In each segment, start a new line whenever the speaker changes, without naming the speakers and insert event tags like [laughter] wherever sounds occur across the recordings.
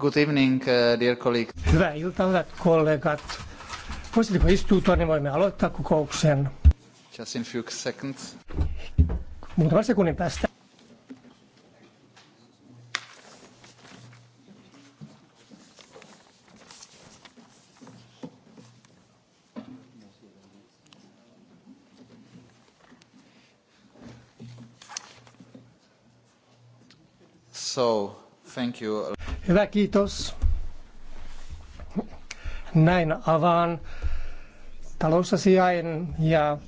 Good evening, uh, dear colleague. Hyvää iltaa, hyvät kollegat. Voisitteko istua niin voimme aloittaa kokouksen. Just in few seconds. Muutaman sekunnin päästä. kiitos. Näin avaan talousasiain ja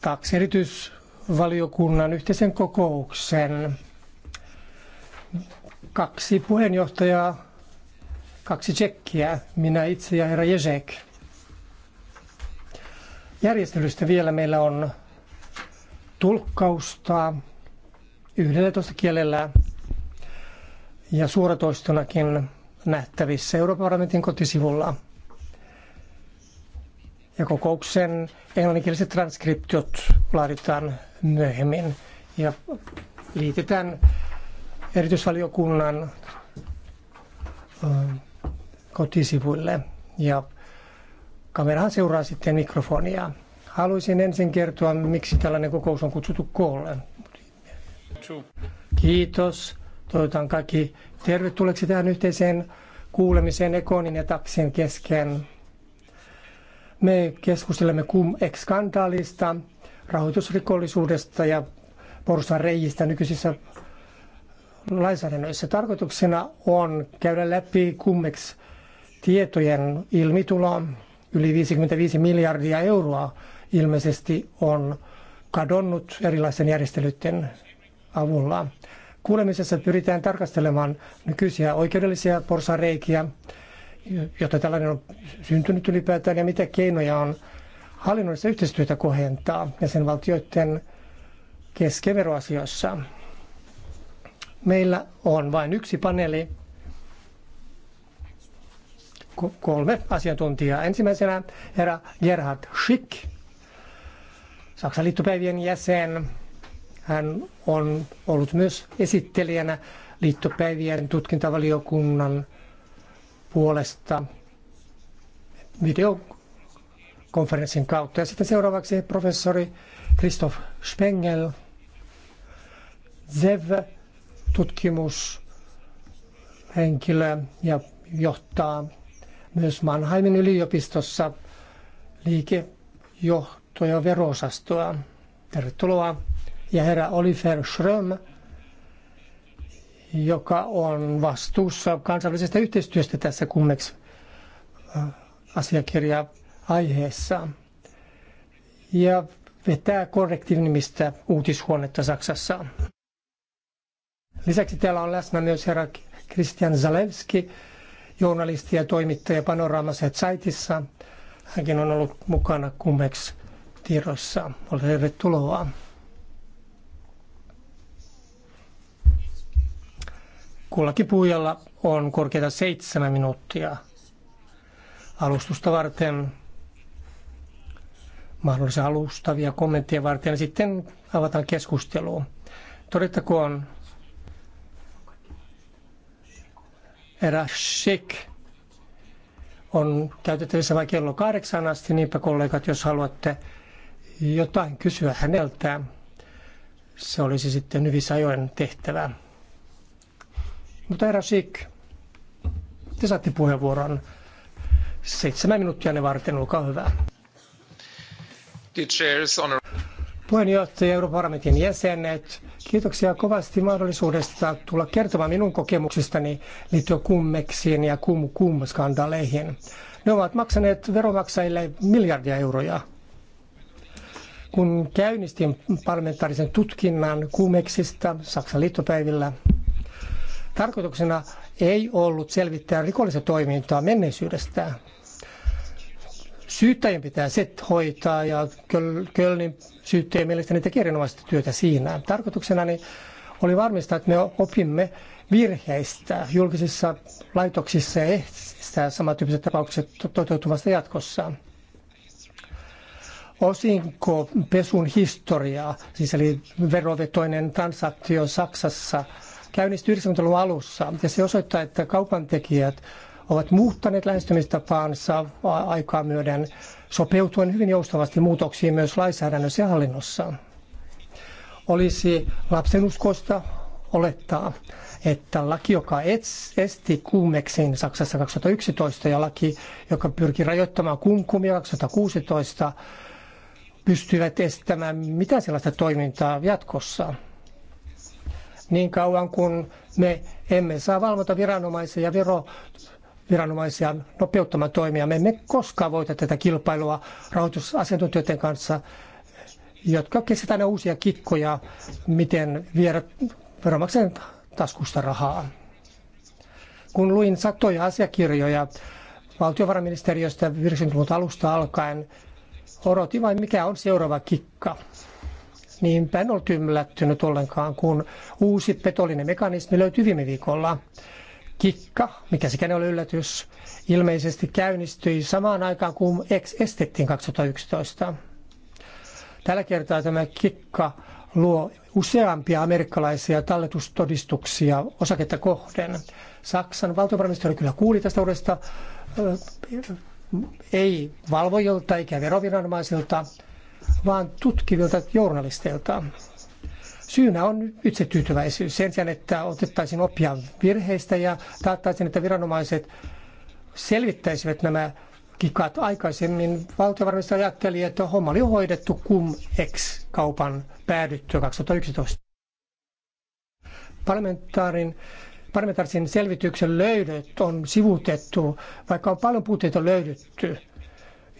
taksi erityisvaliokunnan yhteisen kokouksen. Kaksi puheenjohtajaa, kaksi tsekkiä, minä itse ja herra Jezek. Järjestelystä vielä meillä on tulkkausta 11 kielellä ja suoratoistonakin nähtävissä Euroopan parlamentin kotisivulla. Ja kokouksen englanninkieliset transkriptiot laaditaan myöhemmin ja liitetään erityisvaliokunnan äh, kotisivuille. Ja kamerahan seuraa sitten mikrofonia. Haluaisin ensin kertoa, miksi tällainen kokous on kutsuttu koolle. Kiitos. Toivotan kaikki tervetulleeksi tähän yhteiseen kuulemiseen Ekonin ja Taksin kesken. Me keskustelemme kum ex skandaalista, rahoitusrikollisuudesta ja porsan reijistä nykyisissä lainsäädännöissä. Tarkoituksena on käydä läpi kummeksi tietojen ilmitulo. Yli 55 miljardia euroa ilmeisesti on kadonnut erilaisten järjestelyiden avulla. Kuulemisessa pyritään tarkastelemaan nykyisiä oikeudellisia porsareikiä, jotta tällainen on syntynyt ylipäätään, ja mitä keinoja on hallinnollista yhteistyötä kohentaa ja sen valtioiden keskeveroasioissa. Meillä on vain yksi paneeli, kolme asiantuntijaa. Ensimmäisenä herra Gerhard Schick, Saksan liittopäivien jäsen, hän on ollut myös esittelijänä liittopäivien tutkintavaliokunnan puolesta videokonferenssin kautta. Ja sitten seuraavaksi professori Christoph Spengel, ZEV-tutkimushenkilö ja johtaa myös Mannheimin yliopistossa liikejohtoja verosastoa. Tervetuloa ja herra Oliver Schröm, joka on vastuussa kansallisesta yhteistyöstä tässä kummeksi äh, asiakirja aiheessa. Ja vetää korrektiivnimistä uutishuonetta Saksassa. Lisäksi täällä on läsnä myös herra Christian Zalewski, journalisti ja toimittaja Panoramassa Zeitissa. Hänkin on ollut mukana kummeksi tiedossa. Ole tervetuloa. Kullakin puhujalla on korkeita seitsemän minuuttia alustusta varten, mahdollisia alustavia kommentteja varten ja sitten avataan keskustelua. Todettakoon Erashik on käytettävissä vain kello kahdeksan asti, niinpä kollegat, jos haluatte jotain kysyä häneltä, se olisi sitten hyvissä ajoin tehtävää. Mutta herra Sik, te saatte puheenvuoron. Seitsemän minuuttia ne varten, olkaa hyvä. Puheenjohtaja, Euroopan parlamentin jäsenet, kiitoksia kovasti mahdollisuudesta tulla kertomaan minun kokemuksistani liittyen kummeksiin ja kum kum skandaaleihin. Ne ovat maksaneet veromaksajille miljardia euroja. Kun käynnistin parlamentaarisen tutkinnan kuumeksista Saksan liittopäivillä, Tarkoituksena ei ollut selvittää rikollista toimintaa menneisyydestään. Syyttäjien pitää se hoitaa ja Kölnin syyttäjä mielestäni teki erinomaista työtä siinä. Tarkoituksena niin oli varmistaa, että me opimme virheistä julkisissa laitoksissa ja estää samantyyppiset tapaukset toteutumasta jatkossa. Osinko pesun historiaa, siis eli verovetoinen transaktio Saksassa – käynnistyi 90-luvun alussa ja se osoittaa, että kaupantekijät ovat muuttaneet lähestymistapaansa aikaa myöden sopeutuen hyvin joustavasti muutoksiin myös lainsäädännössä ja hallinnossa. Olisi uskosta olettaa, että laki, joka esti kuumeksin Saksassa 2011 ja laki, joka pyrki rajoittamaan kunkumia 2016, pystyvät estämään mitä sellaista toimintaa jatkossa niin kauan kun me emme saa viranomaisia ja viranomaisia nopeuttamaan toimia. Me emme koskaan voita tätä kilpailua rahoitusasiantuntijoiden kanssa, jotka keksivät aina uusia kikkoja, miten viedä veronmaksajan taskusta rahaa. Kun luin satoja asiakirjoja valtiovarainministeriöstä 90-luvun alusta alkaen, odotin vain mikä on seuraava kikka. Niinpä en ollut yllättynyt ollenkaan, kun uusi petollinen mekanismi löytyi viime viikolla. Kikka, mikä sekään oli yllätys, ilmeisesti käynnistyi samaan aikaan kuin ex estettiin 2011. Tällä kertaa tämä kikka luo useampia amerikkalaisia talletustodistuksia osaketta kohden. Saksan valtiovarainministeri kyllä kuuli tästä uudesta, ei valvojilta eikä veroviranomaisilta, vaan tutkivilta journalisteilta. Syynä on itsetyytyväisyys sen sijaan, että otettaisiin oppia virheistä ja taattaisiin, että viranomaiset selvittäisivät nämä kikat aikaisemmin. valtiovarainministeri ajatteli, että homma oli hoidettu kum ex kaupan päädyttyä 2011. Parlamentaarin parlamentaarisen selvityksen löydöt on sivutettu, vaikka on paljon puutteita löydetty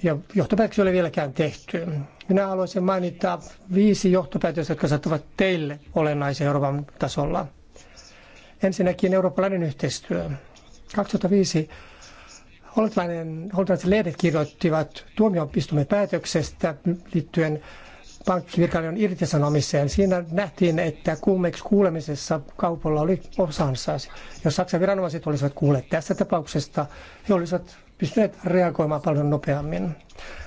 ja johtopäätöksiä ei ole vieläkään tehty. Minä haluaisin mainita viisi johtopäätöstä, jotka saattavat teille olennaisia Euroopan tasolla. Ensinnäkin eurooppalainen yhteistyö. 2005 hollantilaiset lehdet kirjoittivat tuomioopistumme päätöksestä liittyen pankkivirkailijan irtisanomiseen. Siinä nähtiin, että kuumeksi kuulemisessa kaupalla oli osansa. Jos Saksan viranomaiset olisivat kuulleet tästä tapauksesta, he olisivat pystyneet reagoimaan paljon nopeammin.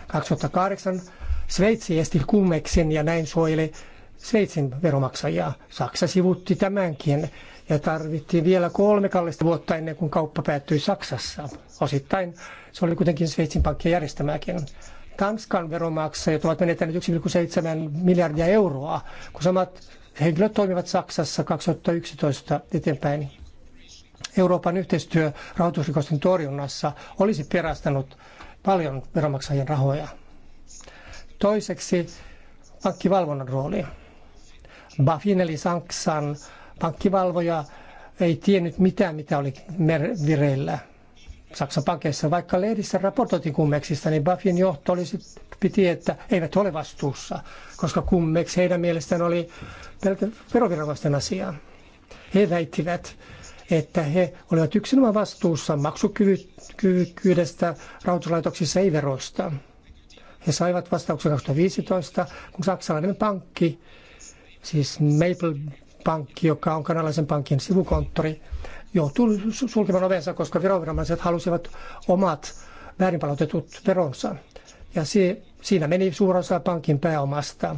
2008 Sveitsi esti kummeksen ja näin suojeli Sveitsin veromaksajia. Saksa sivutti tämänkin ja tarvittiin vielä kolme kallista vuotta ennen kuin kauppa päättyi Saksassa. Osittain se oli kuitenkin Sveitsin pankkien järjestämäkin. Tanskan veromaksajat ovat menettäneet 1,7 miljardia euroa, kun samat henkilöt toimivat Saksassa 2011 eteenpäin. Euroopan yhteistyö rahoitusrikosten torjunnassa olisi perastanut paljon veronmaksajien rahoja. Toiseksi pankkivalvonnan rooli. Bafin eli Saksan pankkivalvoja ei tiennyt mitään, mitä oli vireillä Saksan pankeissa. Vaikka lehdissä raportoitiin kummeksista, niin Bafin johto oli piti, että eivät ole vastuussa, koska kummeksi heidän mielestään oli pelkä veroviranomaisten asia. He väittivät, että he olivat yksinomaan vastuussa maksukyvykkyydestä rahoituslaitoksissa, ei veroista. He saivat vastauksen 2015, kun saksalainen pankki, siis Maple Pankki, joka on kanalaisen pankin sivukonttori, joutui sulkemaan ovensa, koska veroviranomaiset halusivat omat väärinpalautetut veronsa. Ja se, siinä meni suurin osa pankin pääomasta.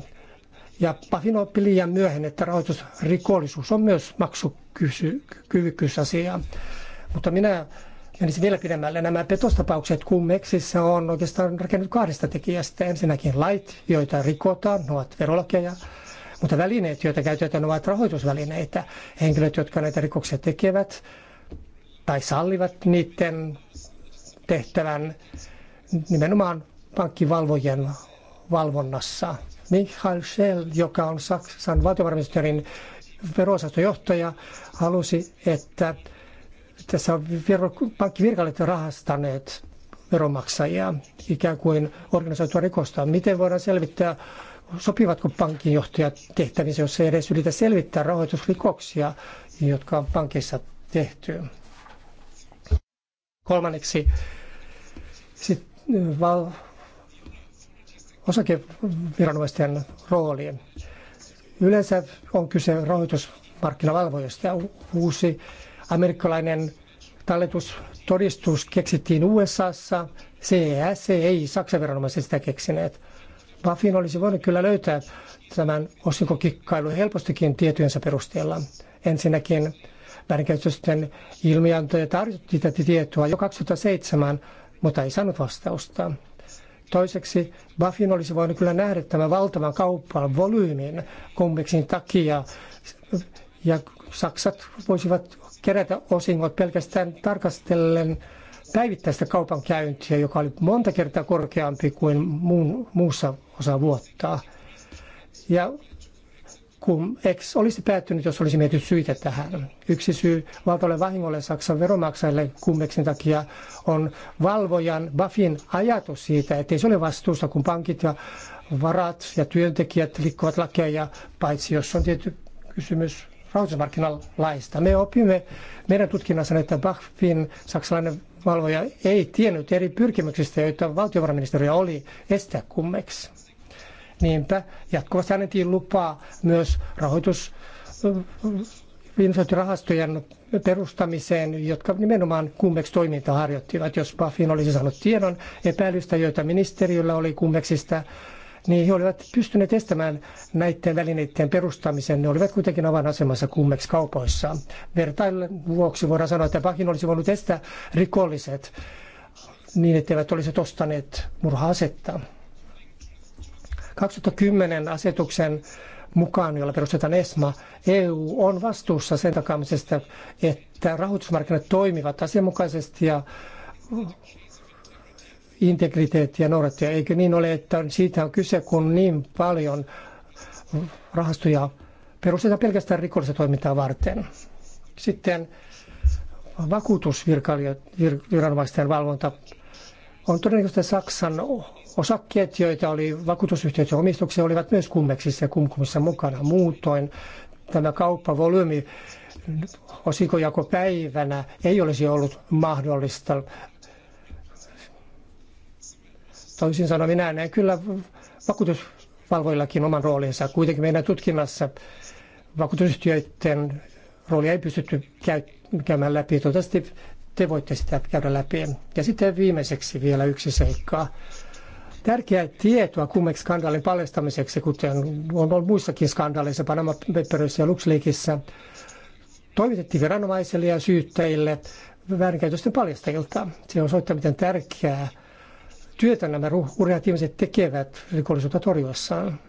Ja pahin oppi liian myöhään, että rahoitusrikollisuus on myös maksukyvykkyysasia. Mutta minä menisin vielä pidemmälle. Nämä petostapaukset kummeksissa on oikeastaan rakennettu kahdesta tekijästä. Ensinnäkin lait, joita rikotaan, ne ovat verolakeja, mutta välineet, joita käytetään, ovat rahoitusvälineitä. Henkilöt, jotka näitä rikoksia tekevät tai sallivat niiden tehtävän nimenomaan pankkivalvojen valvonnassa. Michael Schell, joka on Saksan valtiovarainministerin verosastojohtaja, halusi, että tässä on pankkivirkailijat rahastaneet veronmaksajia ikään kuin organisoitua rikosta. Miten voidaan selvittää, sopivatko pankinjohtajat tehtävissä, jos ei edes yritä selvittää rahoitusrikoksia, jotka on pankissa tehty? Kolmanneksi sit, val, osakeviranomaisten rooliin. Yleensä on kyse rahoitusmarkkinavalvojasta. Uusi amerikkalainen talletustodistus keksittiin USAssa. CES ei Saksan viranomaiset sitä keksineet. Buffin olisi voinut kyllä löytää tämän osinkokikkailun helpostikin tietojensa perusteella. Ensinnäkin väärinkäytösten ilmiantoja tarjottiin tätä tietoa jo 2007, mutta ei saanut vastausta. Toiseksi Buffin olisi voinut kyllä nähdä tämän valtavan kauppaan volyymin kummiksin takia ja Saksat voisivat kerätä osingot pelkästään tarkastellen päivittäistä kaupankäyntiä, joka oli monta kertaa korkeampi kuin muun, muussa osa vuotta. Ja kun X olisi päättynyt, jos olisi mietitty syitä tähän. Yksi syy valtavalle vahingolle Saksan veromaksajille kummeksin takia on valvojan Bafin ajatus siitä, että ei se ole vastuussa, kun pankit ja varat ja työntekijät rikkovat lakeja, paitsi jos on tietty kysymys rahoitusmarkkinalaista. Me opimme meidän tutkinnassa, että Bafin saksalainen valvoja ei tiennyt eri pyrkimyksistä, joita valtiovarainministeriö oli estää kummeksi. Niinpä jatkuvasti annettiin lupaa myös rahoitus investointirahastojen perustamiseen, jotka nimenomaan kummeksi toimintaa harjoittivat. Jos Pafin olisi saanut tiedon epäilystä, joita ministeriöllä oli kummeksista, niin he olivat pystyneet estämään näiden välineiden perustamisen. Ne olivat kuitenkin avainasemassa kummeksi kaupoissa. Vertailun vuoksi voidaan sanoa, että Bakin olisi voinut estää rikolliset niin, etteivät olisi ostaneet murha-asetta. 2010 asetuksen mukaan, jolla perustetaan ESMA, EU on vastuussa sen takaamisesta, että rahoitusmarkkinat toimivat asianmukaisesti ja integriteettiä noudattuja. Eikö niin ole, että siitä on kyse, kun niin paljon rahastoja perustetaan pelkästään rikollista toimintaa varten. Sitten vakuutusviranomaisten valvonta on todennäköisesti Saksan Osakkeet, joita oli vakuutusyhtiöiden omistuksessa, olivat myös kummeksissa ja kumkumissa mukana. Muutoin tämä kauppavolyymi osinkojakopäivänä ei olisi ollut mahdollista. Toisin sanoen minä näen kyllä vakuutusvalvoillakin oman roolinsa. Kuitenkin meidän tutkinnassa vakuutusyhtiöiden roolia ei pystytty käymään läpi. Toivottavasti te voitte sitä käydä läpi. Ja sitten viimeiseksi vielä yksi seikka tärkeää tietoa kumex skandaalin paljastamiseksi, kuten on ollut muissakin skandaaleissa, Panama Paperissa ja LuxLeaksissa, toimitettiin viranomaisille ja syyttäjille väärinkäytösten paljastajilta. Se osoittaa, miten tärkeää työtä nämä urheat ihmiset tekevät rikollisuutta torjuessaan,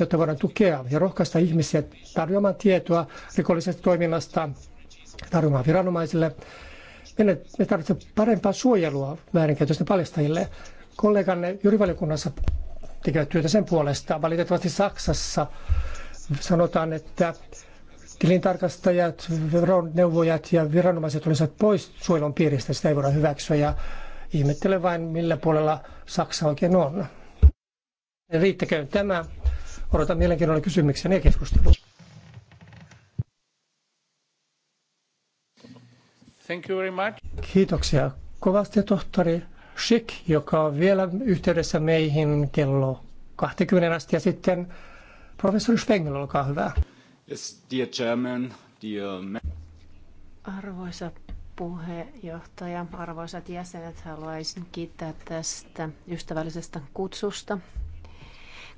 jotta voidaan tukea ja rohkaista ihmisiä tarjoamaan tietoa rikollisesta toiminnasta, tarjoamaan viranomaisille. Me tarvitsemme parempaa suojelua väärinkäytösten paljastajille kolleganne juurivaliokunnassa tekevät työtä sen puolesta. Valitettavasti Saksassa sanotaan, että tilintarkastajat, veroneuvojat ja viranomaiset olisivat pois suojelun piiristä. Sitä ei voida hyväksyä ja ihmettelen vain, millä puolella Saksa oikein on. Riittäkö tämä? Odotan mielenkiinnolla kysymyksiä ja keskustelua. Thank you very much. Kiitoksia kovasti, tohtori. Schick, joka on vielä yhteydessä meihin kello 20 asti ja sitten professori Spengel, olkaa hyvä. Yes, dear chairman, dear...
Arvoisa puheenjohtaja, arvoisat jäsenet, haluaisin kiittää tästä ystävällisestä kutsusta,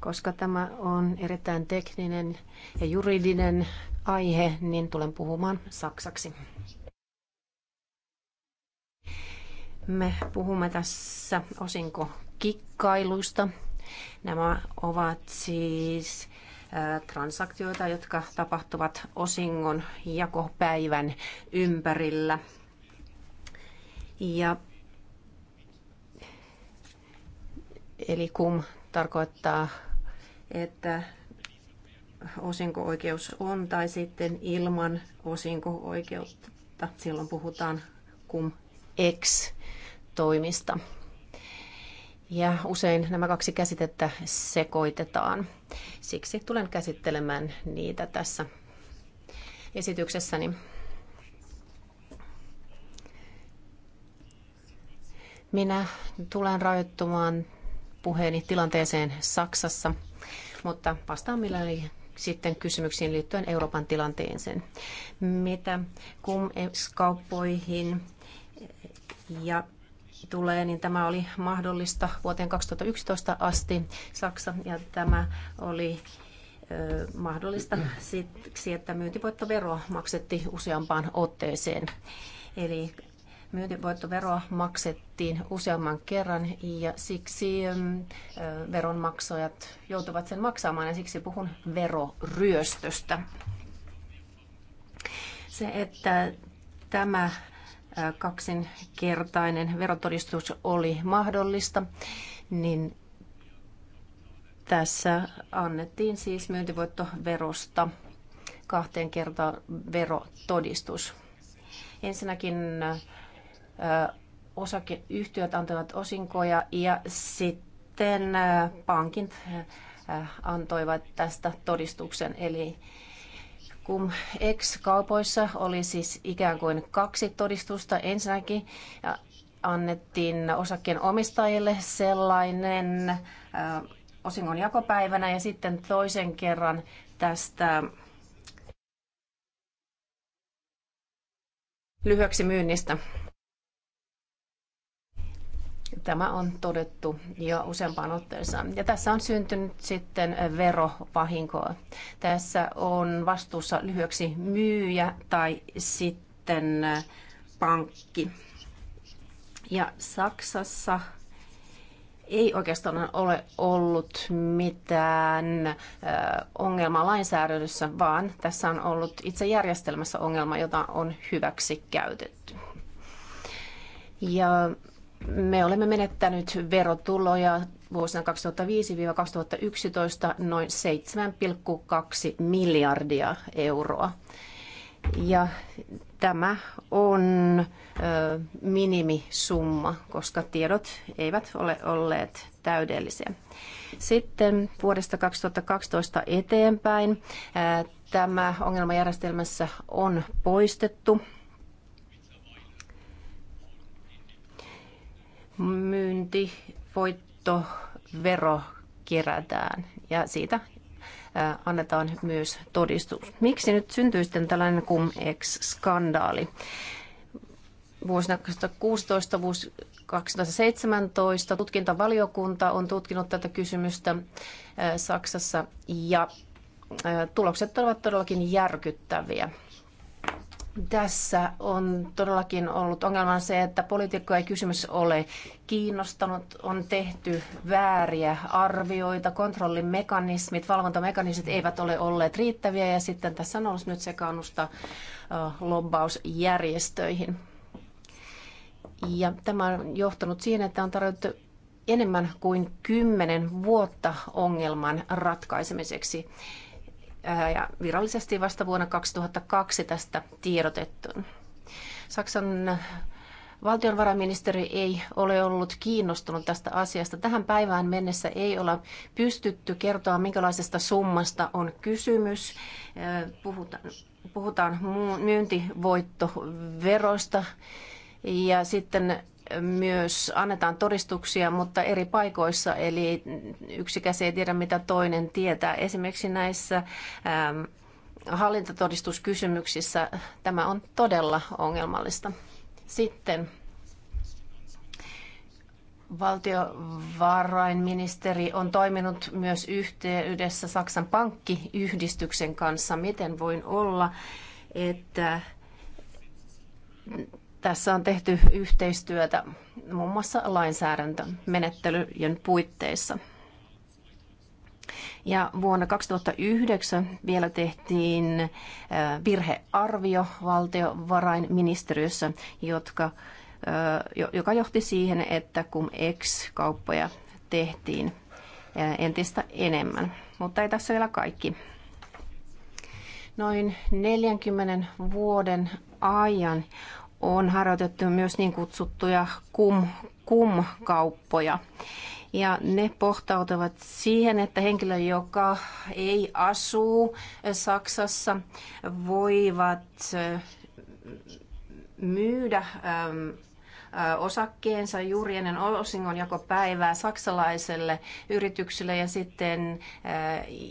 koska tämä on erittäin tekninen ja juridinen aihe, niin tulen puhumaan saksaksi. Me puhumme tässä osinko kikkailuista. Nämä ovat siis transaktioita, jotka tapahtuvat osingon jakopäivän ympärillä. Ja eli kum tarkoittaa, että osinko-oikeus on tai sitten ilman osinko-oikeutta. Silloin puhutaan kum ex toimista. Ja usein nämä kaksi käsitettä sekoitetaan. Siksi tulen käsittelemään niitä tässä esityksessäni. Minä tulen rajoittumaan puheeni tilanteeseen Saksassa, mutta vastaan mielelläni sitten kysymyksiin liittyen Euroopan tilanteeseen. Mitä kum kauppoihin ja tulee, niin tämä oli mahdollista vuoteen 2011 asti Saksa ja tämä oli mahdollista siksi, että myyntivoittovero maksettiin useampaan otteeseen. Eli myyntivoittoveroa maksettiin useamman kerran ja siksi veronmaksajat joutuvat sen maksamaan ja siksi puhun veroryöstöstä. Se, että tämä kaksinkertainen verotodistus oli mahdollista, niin tässä annettiin siis myyntivoittoverosta kahteen kertaan verotodistus. Ensinnäkin osakeyhtiöt antoivat osinkoja ja sitten pankit antoivat tästä todistuksen, eli kun Ex-kaupoissa oli siis ikään kuin kaksi todistusta. Ensinnäkin annettiin osakkeen omistajille sellainen osingon jakopäivänä ja sitten toisen kerran tästä lyhyeksi myynnistä. Tämä on todettu jo useampaan otteeseen. Ja tässä on syntynyt sitten verovahinkoa. Tässä on vastuussa lyhyeksi myyjä tai sitten äh, pankki. Ja Saksassa ei oikeastaan ole ollut mitään äh, ongelmaa lainsäädännössä, vaan tässä on ollut itse järjestelmässä ongelma, jota on hyväksi käytetty. Ja me olemme menettänyt verotuloja vuosina 2005-2011 noin 7,2 miljardia euroa. Ja tämä on ö, minimisumma, koska tiedot eivät ole olleet täydellisiä. Sitten vuodesta 2012 eteenpäin ö, tämä ongelmajärjestelmässä on poistettu myynti, voitto, vero kerätään ja siitä annetaan myös todistus. Miksi nyt syntyi sitten tällainen cum skandaali Vuosina 2016 vuosi 2017 tutkintavaliokunta on tutkinut tätä kysymystä Saksassa ja tulokset ovat todellakin järkyttäviä. Tässä on todellakin ollut ongelma se, että poliitikkoja ei kysymys ole kiinnostanut. On tehty vääriä arvioita, kontrollimekanismit, valvontamekanismit eivät ole olleet riittäviä ja sitten tässä on ollut nyt sekaannusta lobbausjärjestöihin. Ja tämä on johtanut siihen, että on tarjottu enemmän kuin kymmenen vuotta ongelman ratkaisemiseksi ja virallisesti vasta vuonna 2002 tästä tiedotettu. Saksan valtionvarainministeri ei ole ollut kiinnostunut tästä asiasta. Tähän päivään mennessä ei ole pystytty kertoa, minkälaisesta summasta on kysymys. Puhutaan, puhutaan myyntivoittoverosta ja sitten myös annetaan todistuksia, mutta eri paikoissa, eli yksikäs ei tiedä, mitä toinen tietää. Esimerkiksi näissä ähm, hallintatodistuskysymyksissä tämä on todella ongelmallista. Sitten valtiovarainministeri on toiminut myös yhteydessä Saksan pankkiyhdistyksen kanssa. Miten voin olla, että tässä on tehty yhteistyötä muun muassa lainsäädäntömenettelyjen puitteissa. Ja vuonna 2009 vielä tehtiin äh, virhearvio valtiovarainministeriössä, jotka, äh, joka johti siihen, että kun ex-kauppoja tehtiin äh, entistä enemmän. Mutta ei tässä vielä kaikki. Noin 40 vuoden ajan on harjoitettu myös niin kutsuttuja kum, kum-kauppoja. Ja ne pohtautuvat siihen, että henkilö, joka ei asu Saksassa, voivat myydä osakkeensa juuri ennen osingonjakopäivää saksalaiselle yritykselle ja sitten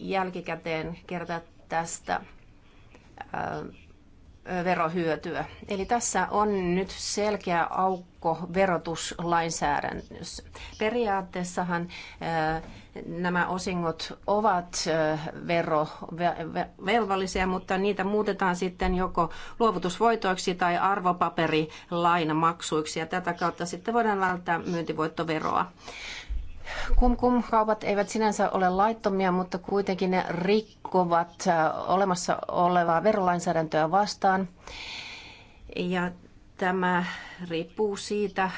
jälkikäteen kerätä tästä verohyötyä. Eli tässä on nyt selkeä aukko verotuslainsäädännössä. Periaatteessahan eh, nämä osingot ovat eh, verovelvollisia, mutta niitä muutetaan sitten joko luovutusvoitoiksi tai arvopaperilainamaksuiksi ja tätä kautta sitten voidaan välttää myyntivoittoveroa. Kum-kum-kaupat eivät sinänsä ole laittomia, mutta kuitenkin ne rikkovat äh, olemassa olevaa verolainsäädäntöä vastaan. Ja tämä riippuu siitä,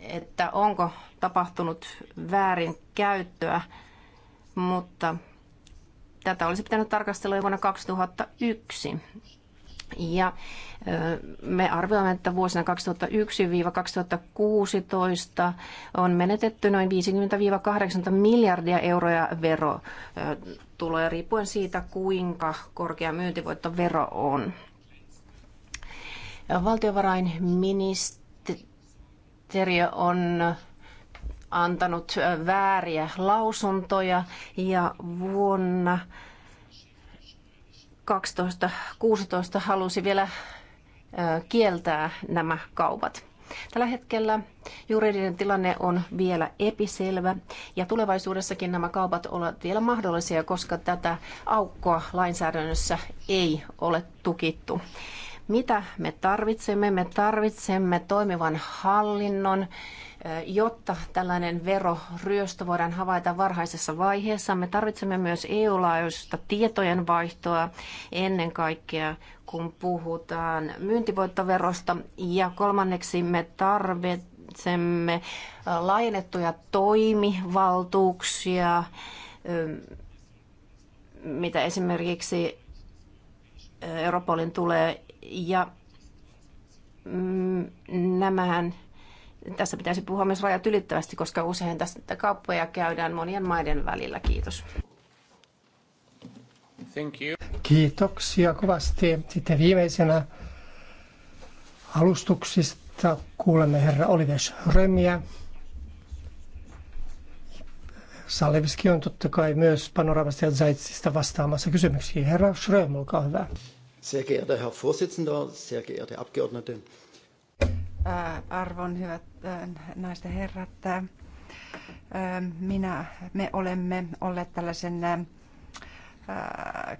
että onko tapahtunut väärin käyttöä, mutta tätä olisi pitänyt tarkastella jo vuonna 2001. Ja me arvioimme, että vuosina 2001-2016 on menetetty noin 50-80 miljardia euroja verotuloja riippuen siitä, kuinka korkea myyntivoittovero on. Valtiovarainministeriö on antanut vääriä lausuntoja ja vuonna 2016 halusi vielä kieltää nämä kaupat. Tällä hetkellä juridinen tilanne on vielä episelvä ja tulevaisuudessakin nämä kaupat ovat vielä mahdollisia, koska tätä aukkoa lainsäädännössä ei ole tukittu. Mitä me tarvitsemme? Me tarvitsemme toimivan hallinnon Jotta tällainen veroryöstö voidaan havaita varhaisessa vaiheessa, me tarvitsemme myös EU-laajuista tietojenvaihtoa ennen kaikkea, kun puhutaan myyntivoittoverosta. Ja kolmanneksi me tarvitsemme laajennettuja toimivaltuuksia, mitä esimerkiksi Europolin tulee. Ja mm, nämähän tässä pitäisi puhua myös rajat ylittävästi, koska usein tästä kauppoja käydään monien maiden välillä. Kiitos.
Thank you. Kiitoksia kovasti. Sitten viimeisenä alustuksista kuulemme herra Oliver Römiä. Salevski on totta kai myös panoramasta ja Zaitsista vastaamassa kysymyksiin. Herra Schröm, olkaa hyvä.
Sehr geehrter Herr Vorsitzender, sehr geehrte Abgeordnete. Äh, arvon hyvät äh, naiset ja herrat. Äh, minä, me olemme olleet tällaisen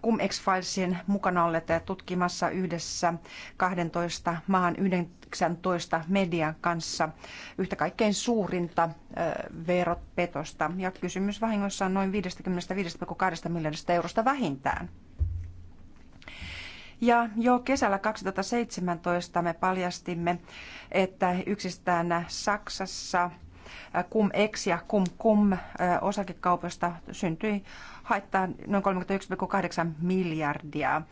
Cum ex Filesin mukana olleet tutkimassa yhdessä 12 maan 19 median kanssa yhtä kaikkein suurinta verot petosta. Ja kysymys vahingossa on noin 55,2 miljardista eurosta vähintään. Ja jo kesällä 2017 me paljastimme, että yksistään Saksassa kum äh, ex ja kum kum äh, osakekaupoista syntyi haittaa noin 31,8 miljardia.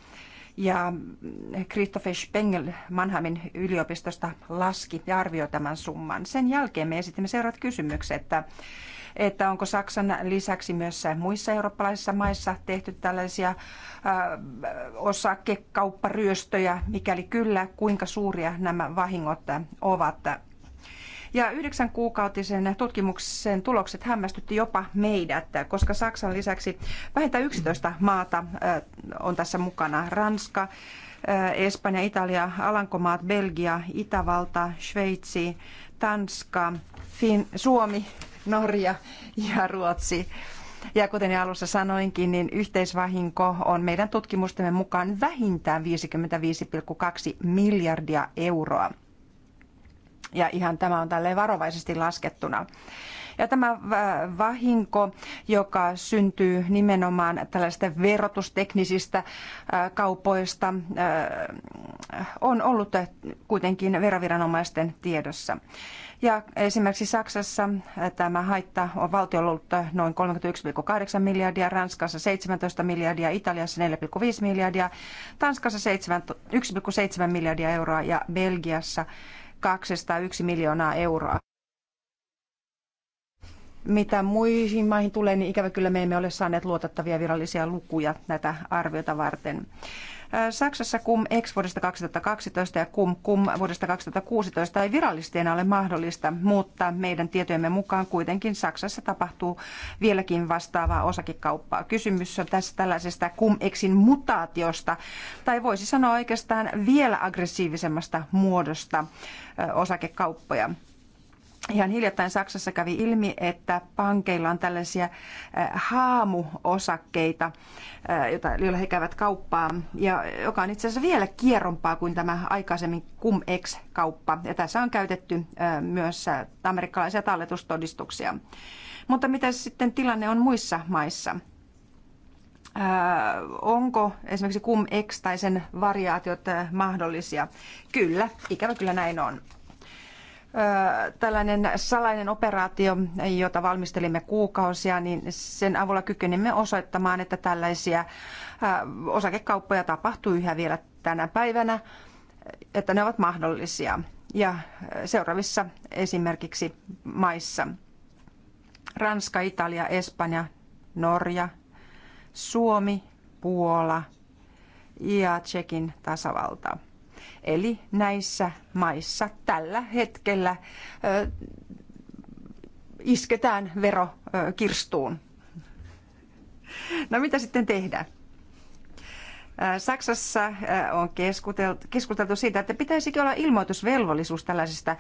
Ja Christopher Spengel Mannheimin yliopistosta laski ja arvioi tämän summan. Sen jälkeen me esitimme seuraavat kysymykset, että että onko Saksan lisäksi myös muissa eurooppalaisissa maissa tehty tällaisia äh, osakekaupparyöstöjä, mikäli kyllä, kuinka suuria nämä vahingot ovat. Ja yhdeksän kuukautisen tutkimuksen tulokset hämmästytti jopa meidät, koska Saksan lisäksi vähintään 11 maata äh, on tässä mukana. Ranska, äh, Espanja, Italia, Alankomaat, Belgia, Itävalta, Sveitsi, Tanska, fin- Suomi, Norja ja Ruotsi. Ja kuten alussa sanoinkin, niin yhteisvahinko on meidän tutkimustemme mukaan vähintään 55,2 miljardia euroa. Ja ihan tämä on tälleen varovaisesti laskettuna. Ja tämä äh, vahinko, joka syntyy nimenomaan tällaista verotusteknisistä äh, kaupoista, äh, on ollut kuitenkin veroviranomaisten tiedossa. Ja esimerkiksi Saksassa tämä haitta on valtiolla ollut noin 31,8 miljardia, Ranskassa 17 miljardia, Italiassa 4,5 miljardia, Tanskassa 1,7 miljardia euroa ja Belgiassa 201 miljoonaa euroa. Mitä muihin maihin tulee, niin ikävä kyllä me emme ole saaneet luotettavia virallisia lukuja näitä arviota varten. Äh, Saksassa kum ex vuodesta 2012 ja kum kum vuodesta 2016 ei virallisesti enää ole mahdollista, mutta meidän tietojemme mukaan kuitenkin Saksassa tapahtuu vieläkin vastaavaa osakekauppaa. Kysymys on tässä tällaisesta kum exin mutaatiosta, tai voisi sanoa oikeastaan vielä aggressiivisemmasta muodosta osakekauppoja. Ihan hiljattain Saksassa kävi ilmi, että pankeilla on tällaisia äh, haamuosakkeita, äh, joilla he käyvät kauppaa, ja joka on itse asiassa vielä kierrompaa kuin tämä aikaisemmin cum kauppa Ja tässä on käytetty äh, myös amerikkalaisia talletustodistuksia. Mutta mitä sitten tilanne on muissa maissa? onko esimerkiksi cum tai sen variaatiot mahdollisia? Kyllä, ikävä kyllä näin on tällainen salainen operaatio, jota valmistelimme kuukausia, niin sen avulla kykenimme osoittamaan, että tällaisia osakekauppoja tapahtuu yhä vielä tänä päivänä, että ne ovat mahdollisia. Ja seuraavissa esimerkiksi maissa Ranska, Italia, Espanja, Norja, Suomi, Puola ja Tsekin tasavalta. Eli näissä maissa tällä hetkellä isketään vero kirstuun. No mitä sitten tehdään? Saksassa on keskusteltu, siitä, että pitäisikö olla ilmoitusvelvollisuus tällaisesta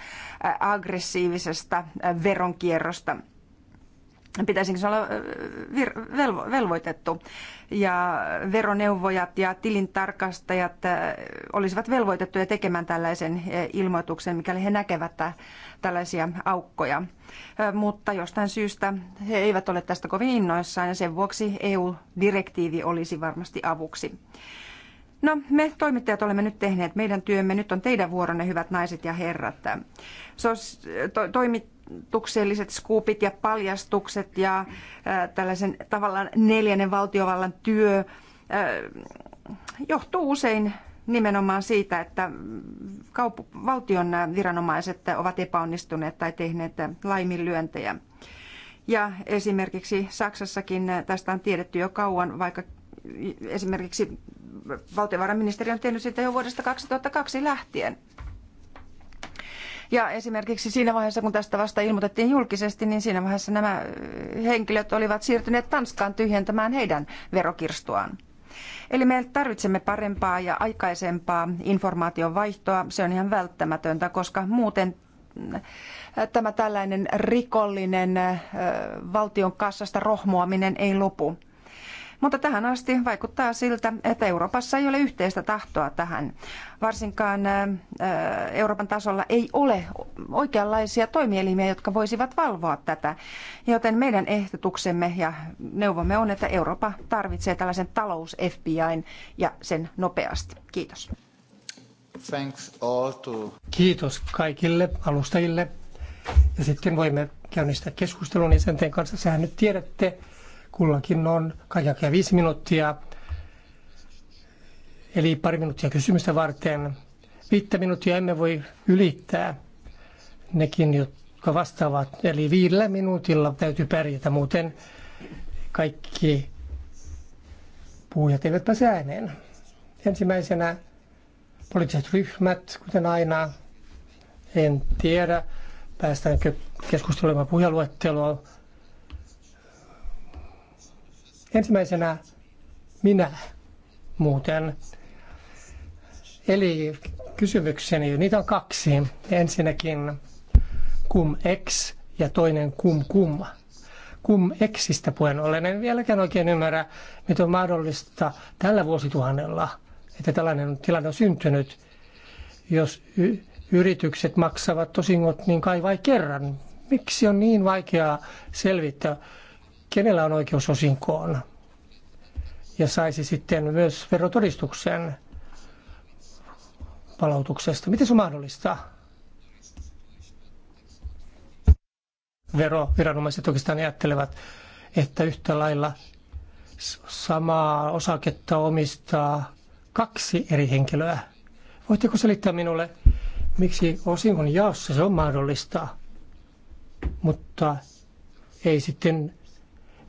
aggressiivisesta veronkierrosta – pitäisikö se olla vir- velvo- velvoitettu. Ja veroneuvojat ja tilintarkastajat olisivat velvoitettuja tekemään tällaisen ilmoituksen, mikäli he näkevät tällaisia aukkoja. Mutta jostain syystä he eivät ole tästä kovin innoissaan ja sen vuoksi EU-direktiivi olisi varmasti avuksi. No, me toimittajat olemme nyt tehneet meidän työmme. Nyt on teidän vuoronne, hyvät naiset ja herrat. Sos- to- toimittajat paljastukselliset skuupit ja paljastukset ja äh, tällaisen tavallaan neljännen valtiovallan työ äh, johtuu usein nimenomaan siitä, että kaup- valtion viranomaiset ovat epäonnistuneet tai tehneet laiminlyöntejä. Ja esimerkiksi Saksassakin äh, tästä on tiedetty jo kauan, vaikka esimerkiksi valtiovarainministeri on tehnyt sitä jo vuodesta 2002 lähtien. Ja esimerkiksi siinä vaiheessa, kun tästä vasta ilmoitettiin julkisesti, niin siinä vaiheessa nämä eh, henkilöt olivat siirtyneet Tanskaan tyhjentämään heidän verokirstuaan. Eli me tarvitsemme parempaa ja aikaisempaa informaation vaihtoa. Se on ihan välttämätöntä, koska muuten eh, tämä tällainen rikollinen eh, valtion kassasta rohmuaminen ei lopu. Mutta tähän asti vaikuttaa siltä, että Euroopassa ei ole yhteistä tahtoa tähän. Varsinkaan äh, äh, Euroopan tasolla ei ole oikeanlaisia toimielimiä, jotka voisivat valvoa tätä. Joten meidän ehdotuksemme ja neuvomme on, että Eurooppa tarvitsee tällaisen talous FBIn ja sen nopeasti. Kiitos.
Thanks all to... Kiitos kaikille alustajille. Ja sitten voimme käynnistää keskustelun jäsenten kanssa. Sehän nyt tiedätte, Kullakin on kaikkiaan viisi minuuttia, eli pari minuuttia kysymystä varten. Viittä minuuttia emme voi ylittää nekin, jotka vastaavat. Eli viidellä minuutilla täytyy pärjätä, muuten kaikki puhujat eivät pääse ääneen. Ensimmäisenä poliittiset ryhmät, kuten aina. En tiedä, päästäänkö keskustelemaan puhujaluetteloa. Ensimmäisenä minä muuten. Eli kysymykseni, niitä on kaksi. Ensinnäkin kum ex ja toinen kum kumma. Kum existä puheen ollen en vieläkään oikein ymmärrä, miten on mahdollista tällä vuosituhannella, että tällainen tilanne on syntynyt. Jos yritykset maksavat osingot, niin kai vai kerran. Miksi on niin vaikeaa selvittää kenellä on oikeus osinkoon ja saisi sitten myös verotodistuksen palautuksesta. Miten se on mahdollista? Veroviranomaiset oikeastaan ajattelevat, että yhtä lailla samaa osaketta omistaa kaksi eri henkilöä. Voitteko selittää minulle, miksi osingon jaossa se on mahdollista, mutta ei sitten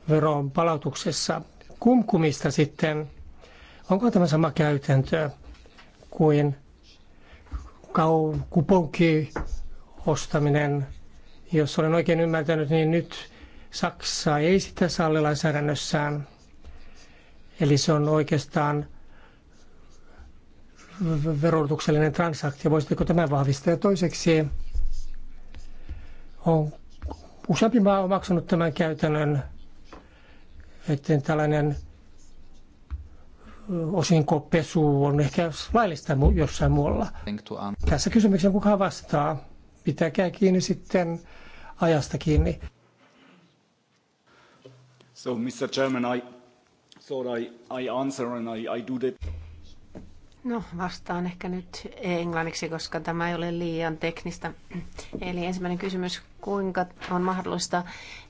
veron palautuksessa kumkumista sitten. Onko tämä sama käytäntö kuin kau- kuponki ostaminen? Jos olen oikein ymmärtänyt, niin nyt Saksa ei sitä salli lainsäädännössään. Eli se on oikeastaan verotuksellinen transaktio. Voisitteko tämän vahvistaa? Ja toiseksi on useampi maa omaksunut tämän käytännön että tällainen osinkopesu on ehkä laillista jossain muualla. Tässä kysymykseen kuka vastaa? Pitäkää kiinni sitten ajasta kiinni. So, Mr. Chairman, I thought I, I answer and I, I do that.
No, vastaan ehkä nyt englanniksi, koska tämä ei ole liian teknistä. Eli ensimmäinen kysymys, kuinka on mahdollista,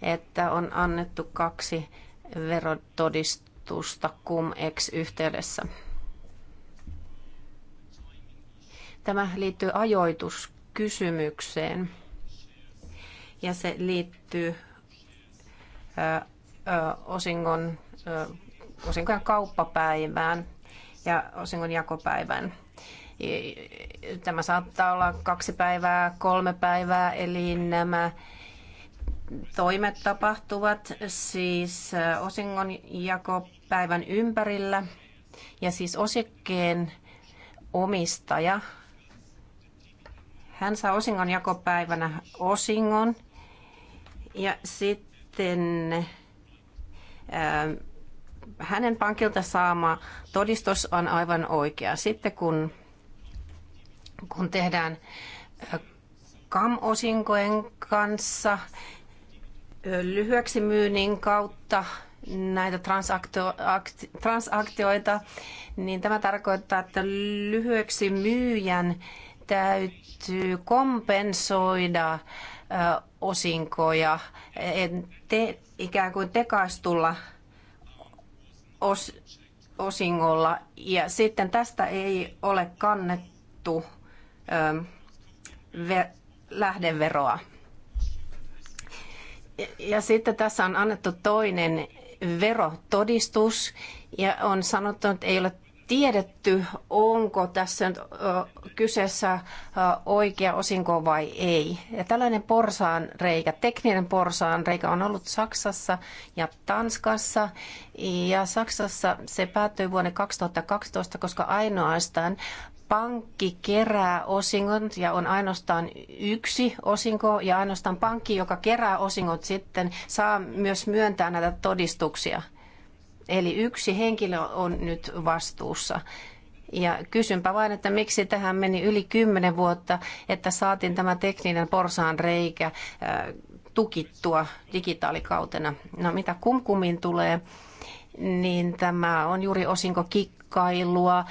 että on annettu kaksi verotodistusta cum ex yhteydessä. Tämä liittyy ajoituskysymykseen ja se liittyy osingon, osinkojen kauppapäivään ja osingon jakopäivään. Tämä saattaa olla kaksi päivää, kolme päivää, eli nämä toimet tapahtuvat siis äh, osingonjakopäivän ympärillä ja siis osakkeen omistaja. Hän saa osingonjakopäivänä osingon ja sitten ää, äh, hänen pankilta saama todistus on aivan oikea. Sitten kun, kun tehdään äh, kam-osinkojen kanssa, lyhyeksi myynnin kautta näitä transaktioita, niin tämä tarkoittaa, että lyhyeksi myyjän täytyy kompensoida osinkoja, te, ikään kuin tekaistulla os, osingolla. Ja sitten tästä ei ole kannettu ö, ve, lähdeveroa. Ja sitten tässä on annettu toinen verotodistus ja on sanottu, että ei ole tiedetty, onko tässä nyt kyseessä oikea osinko vai ei. Ja tällainen porsaan reikä, tekninen porsaan reikä on ollut Saksassa ja Tanskassa. Ja Saksassa se päättyi vuonna 2012, koska ainoastaan pankki kerää osingot ja on ainoastaan yksi osinko ja ainoastaan pankki, joka kerää osingot sitten, saa myös myöntää näitä todistuksia. Eli yksi henkilö on nyt vastuussa. Ja kysynpä vain, että miksi tähän meni yli kymmenen vuotta, että saatiin tämä tekninen porsaan reikä tukittua digitaalikautena. No mitä kumkumin tulee, niin tämä on juuri osinkokikkailua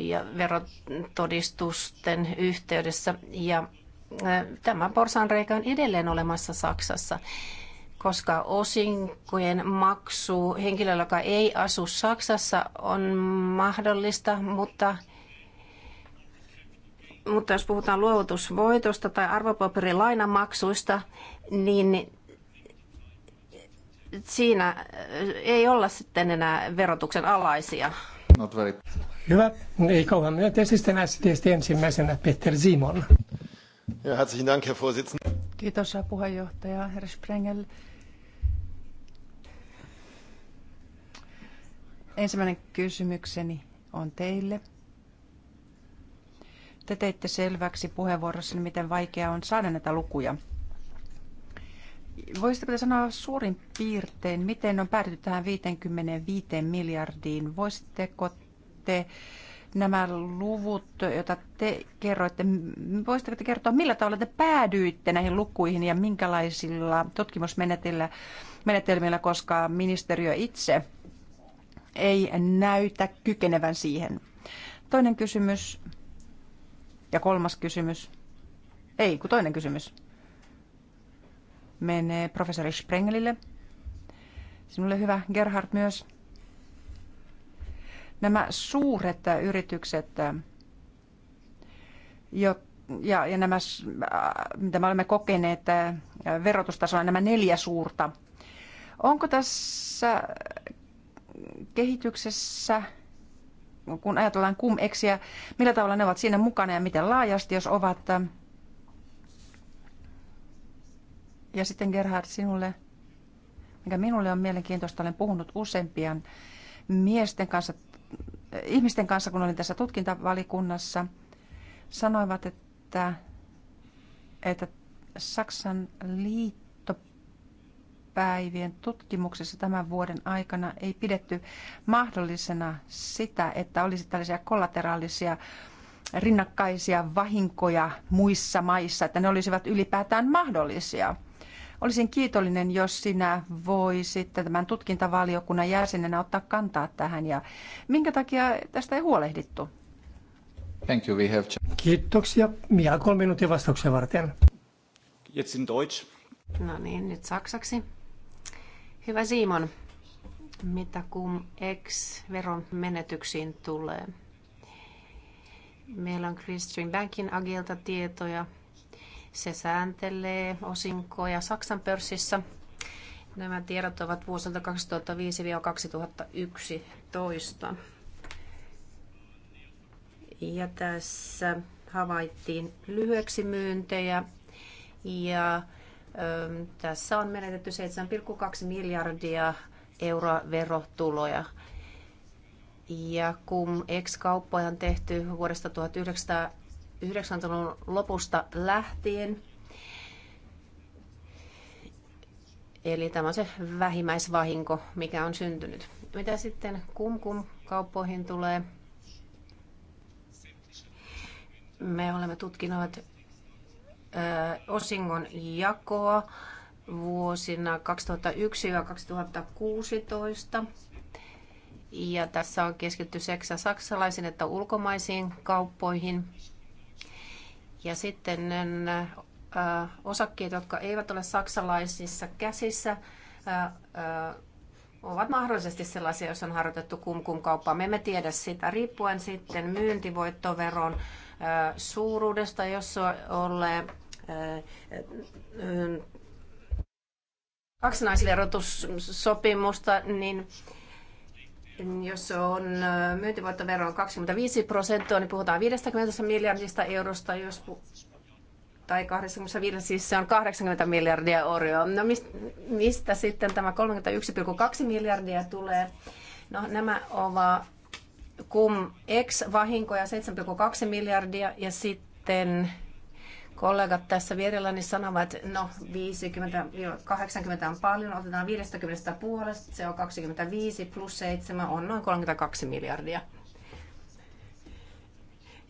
ja verotodistusten yhteydessä. Ja tämä porsaanreikä on edelleen olemassa Saksassa, koska osinkojen maksu henkilöllä, joka ei asu Saksassa, on mahdollista, mutta mutta jos puhutaan luovutusvoitosta tai arvopaperilainamaksuista, niin siinä äh, ei olla sitten enää verotuksen alaisia.
Not very. Hyvä. Ei kauan myönteisesti sitten ensimmäisenä Peter Simon. Ja, herzlichen Dank, Herr Vorsitzender.
Kiitos, puheenjohtaja,
Herr Sprengel. Ensimmäinen kysymykseni on teille. Te teitte selväksi puheenvuorossa, miten vaikea on saada näitä lukuja – Voisitteko te sanoa suurin piirtein, miten on päädytty tähän 55 miljardiin? Voisitteko te nämä luvut, joita te kerroitte, voisitteko te kertoa, millä tavalla te päädyitte näihin lukuihin ja minkälaisilla tutkimusmenetelmillä, koska ministeriö itse ei näytä kykenevän siihen? Toinen kysymys ja kolmas kysymys. Ei, kun toinen kysymys menee professori Sprengelille. Sinulle hyvä, Gerhard myös. Nämä suuret yritykset äh, jo, ja, ja nämä, äh, mitä me olemme kokeneet äh, verotustasolla, nämä neljä suurta. Onko tässä kehityksessä, kun ajatellaan cum millä tavalla ne ovat siinä mukana ja miten laajasti, jos ovat Ja sitten Gerhard sinulle, mikä minulle on mielenkiintoista, olen puhunut useampia miesten kanssa, eh, ihmisten kanssa, kun olin tässä tutkintavalikunnassa, sanoivat, että, että Saksan liittopäivien tutkimuksessa tämän vuoden aikana ei pidetty mahdollisena sitä, että olisi tällaisia kollateraalisia rinnakkaisia vahinkoja muissa maissa, että ne olisivat ylipäätään mahdollisia – Olisin kiitollinen, jos sinä voisit tämän tutkintavaliokunnan jäsenenä ottaa kantaa tähän. Ja minkä takia tästä ei huolehdittu?
Thank you, we have... Kiitoksia. Mia kolme minuutin vastauksia varten. Jetzt in Deutsch.
No niin, nyt saksaksi. Hyvä Simon, mitä kun ex-veron menetyksiin tulee? Meillä on Christian Bankin agilta tietoja se sääntelee osinkoja Saksan pörssissä. Nämä tiedot ovat vuosilta 2005-2011. Ja tässä havaittiin lyhyeksi myyntejä ja ö, ähm, tässä on menetetty 7,2 miljardia euroa verotuloja. Ja kun ex-kauppoja on tehty vuodesta 1900 90-luvun lopusta lähtien. Eli tämä on se vähimmäisvahinko, mikä on syntynyt. Mitä sitten kumkum kauppoihin tulee? Me olemme tutkineet osingon jakoa vuosina 2001 ja 2016. Ja tässä on keskitty sekä saksalaisiin että ulkomaisiin kauppoihin. Ja sitten äh, osakkeet, jotka eivät ole saksalaisissa käsissä, äh, äh, ovat mahdollisesti sellaisia, jos on harjoitettu kumkum kauppaa. Me emme tiedä sitä, riippuen sitten myyntivoittoveron suuruudesta, jos on ole kaksinaisverotussopimusta, niin jos on myyntivoittovero on 25 prosenttia, niin puhutaan 50 miljardista eurosta, jos pu- tai 25, siis se on 80 miljardia euroa. No mistä sitten tämä 31,2 miljardia tulee? No nämä ovat kum ex-vahinkoja 7,2 miljardia ja sitten kollegat tässä vierelläni niin sanovat, että no 50-80 on paljon, otetaan 50 puolesta, se on 25 plus 7 on noin 32 miljardia.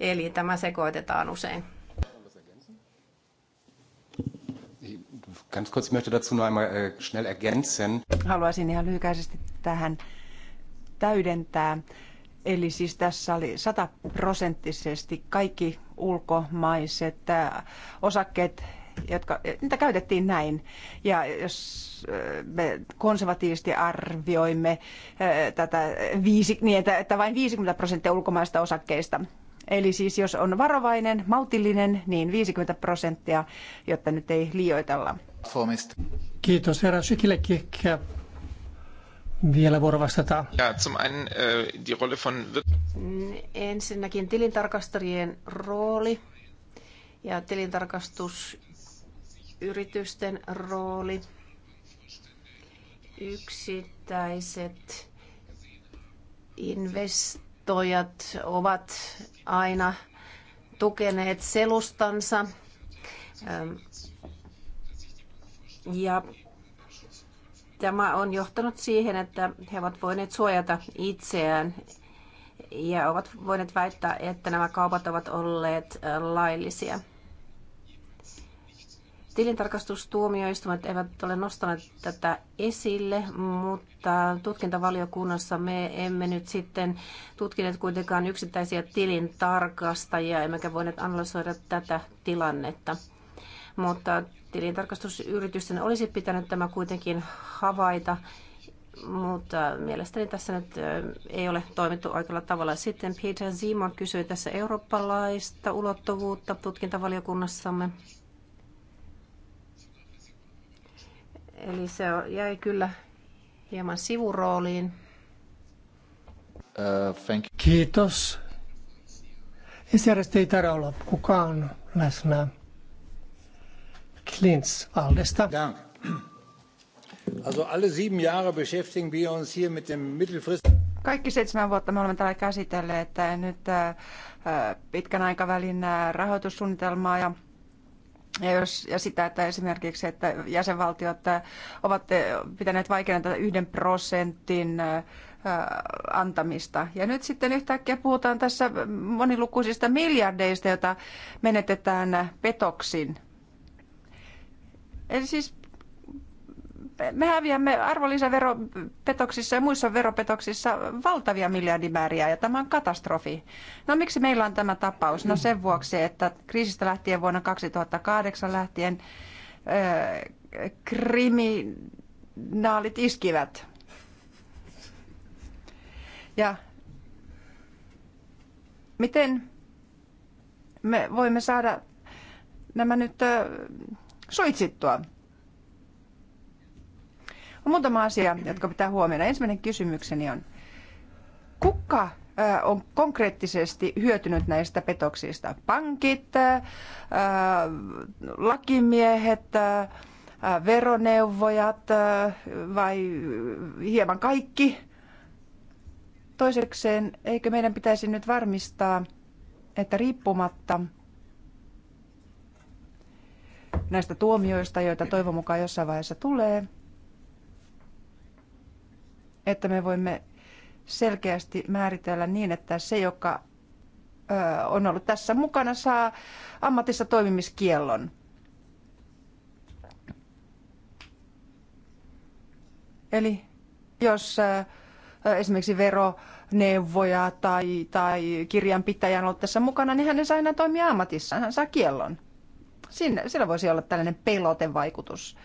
Eli tämä sekoitetaan usein.
Ganz kurz, ich möchte dazu noch einmal äh, schnell ergänzen.
Haluaisin ihan lyhykäisesti tähän täydentää. Eli siis tässä oli sataprosenttisesti kaikki ulkomaiset äh, osakkeet, jotka, niitä käytettiin näin. Ja jos äh, me konservatiivisesti arvioimme äh, tätä viisi, niin, että, että vain 50 prosenttia ulkomaista osakkeista Eli siis jos on varovainen, maltillinen, niin 50 prosenttia, jotta nyt ei liioitella.
Kiitos herra Sykilekki vielä vuorovastata. Ja, zum einen, äh, die Rolle von...
Ensinnäkin tilintarkastajien rooli ja tilintarkastusyritysten rooli, yksittäiset investoijat ovat aina tukeneet selustansa ähm, ja tämä on johtanut siihen, että he ovat voineet suojata itseään ja ovat voineet väittää, että nämä kaupat ovat olleet äh, laillisia. Tilintarkastustuomioistumat eivät ole nostaneet tätä esille, mutta tutkintavaliokunnassa me emme nyt sitten tutkineet kuitenkaan yksittäisiä tilintarkastajia, emmekä voineet analysoida tätä tilannetta mutta tilintarkastusyritysten olisi pitänyt tämä kuitenkin havaita, mutta mielestäni tässä nyt ei ole toimittu oikealla tavalla. Sitten Peter Simon kysyi tässä eurooppalaista ulottuvuutta tutkintavaliokunnassamme. Eli se jäi kyllä hieman sivurooliin.
Uh, thank you. Kiitos. Esijärjestä ei taida olla kukaan läsnä. Lins Aldesta. Also alle sieben Jahre beschäftigen wir uns hier mit dem mittelfrist...
Kaikki seitsemän vuotta me olemme täällä käsitelleet nyt äh, äh, pitkän aikavälin äh, rahoitussuunnitelmaa ja ja, jos, ja sitä, että esimerkiksi että jäsenvaltiot ovat pitäneet vaikeana tätä yhden prosentin antamista. Ja nyt sitten yhtäkkiä puhutaan tässä monilukuisista miljardeista, joita menetetään petoksin. Eli siis me häviämme arvonlisäveropetoksissa ja muissa veropetoksissa valtavia miljardimääriä ja tämä on katastrofi. No miksi meillä on tämä tapaus? No sen vuoksi, että kriisistä lähtien vuonna 2008 lähtien öö, kriminaalit iskivät. Ja miten me voimme saada nämä nyt öö, suitsittua. On muutama asia, jotka pitää huomioida. Ensimmäinen kysymykseni on, kuka on konkreettisesti hyötynyt näistä petoksista? Pankit, lakimiehet, veroneuvojat vai hieman kaikki? Toisekseen, eikö meidän pitäisi nyt varmistaa, että riippumatta – näistä tuomioista, joita toivon mukaan jossain vaiheessa tulee, että me voimme selkeästi määritellä niin, että se, joka on ollut tässä mukana, saa ammatissa toimimiskiellon. Eli jos esimerkiksi veroneuvoja tai, tai kirjanpitäjä on ollut tässä mukana, niin hän ei saa enää toimia ammatissaan, hän saa kiellon. Sinne, sillä voisi olla tällainen pelotevaikutus.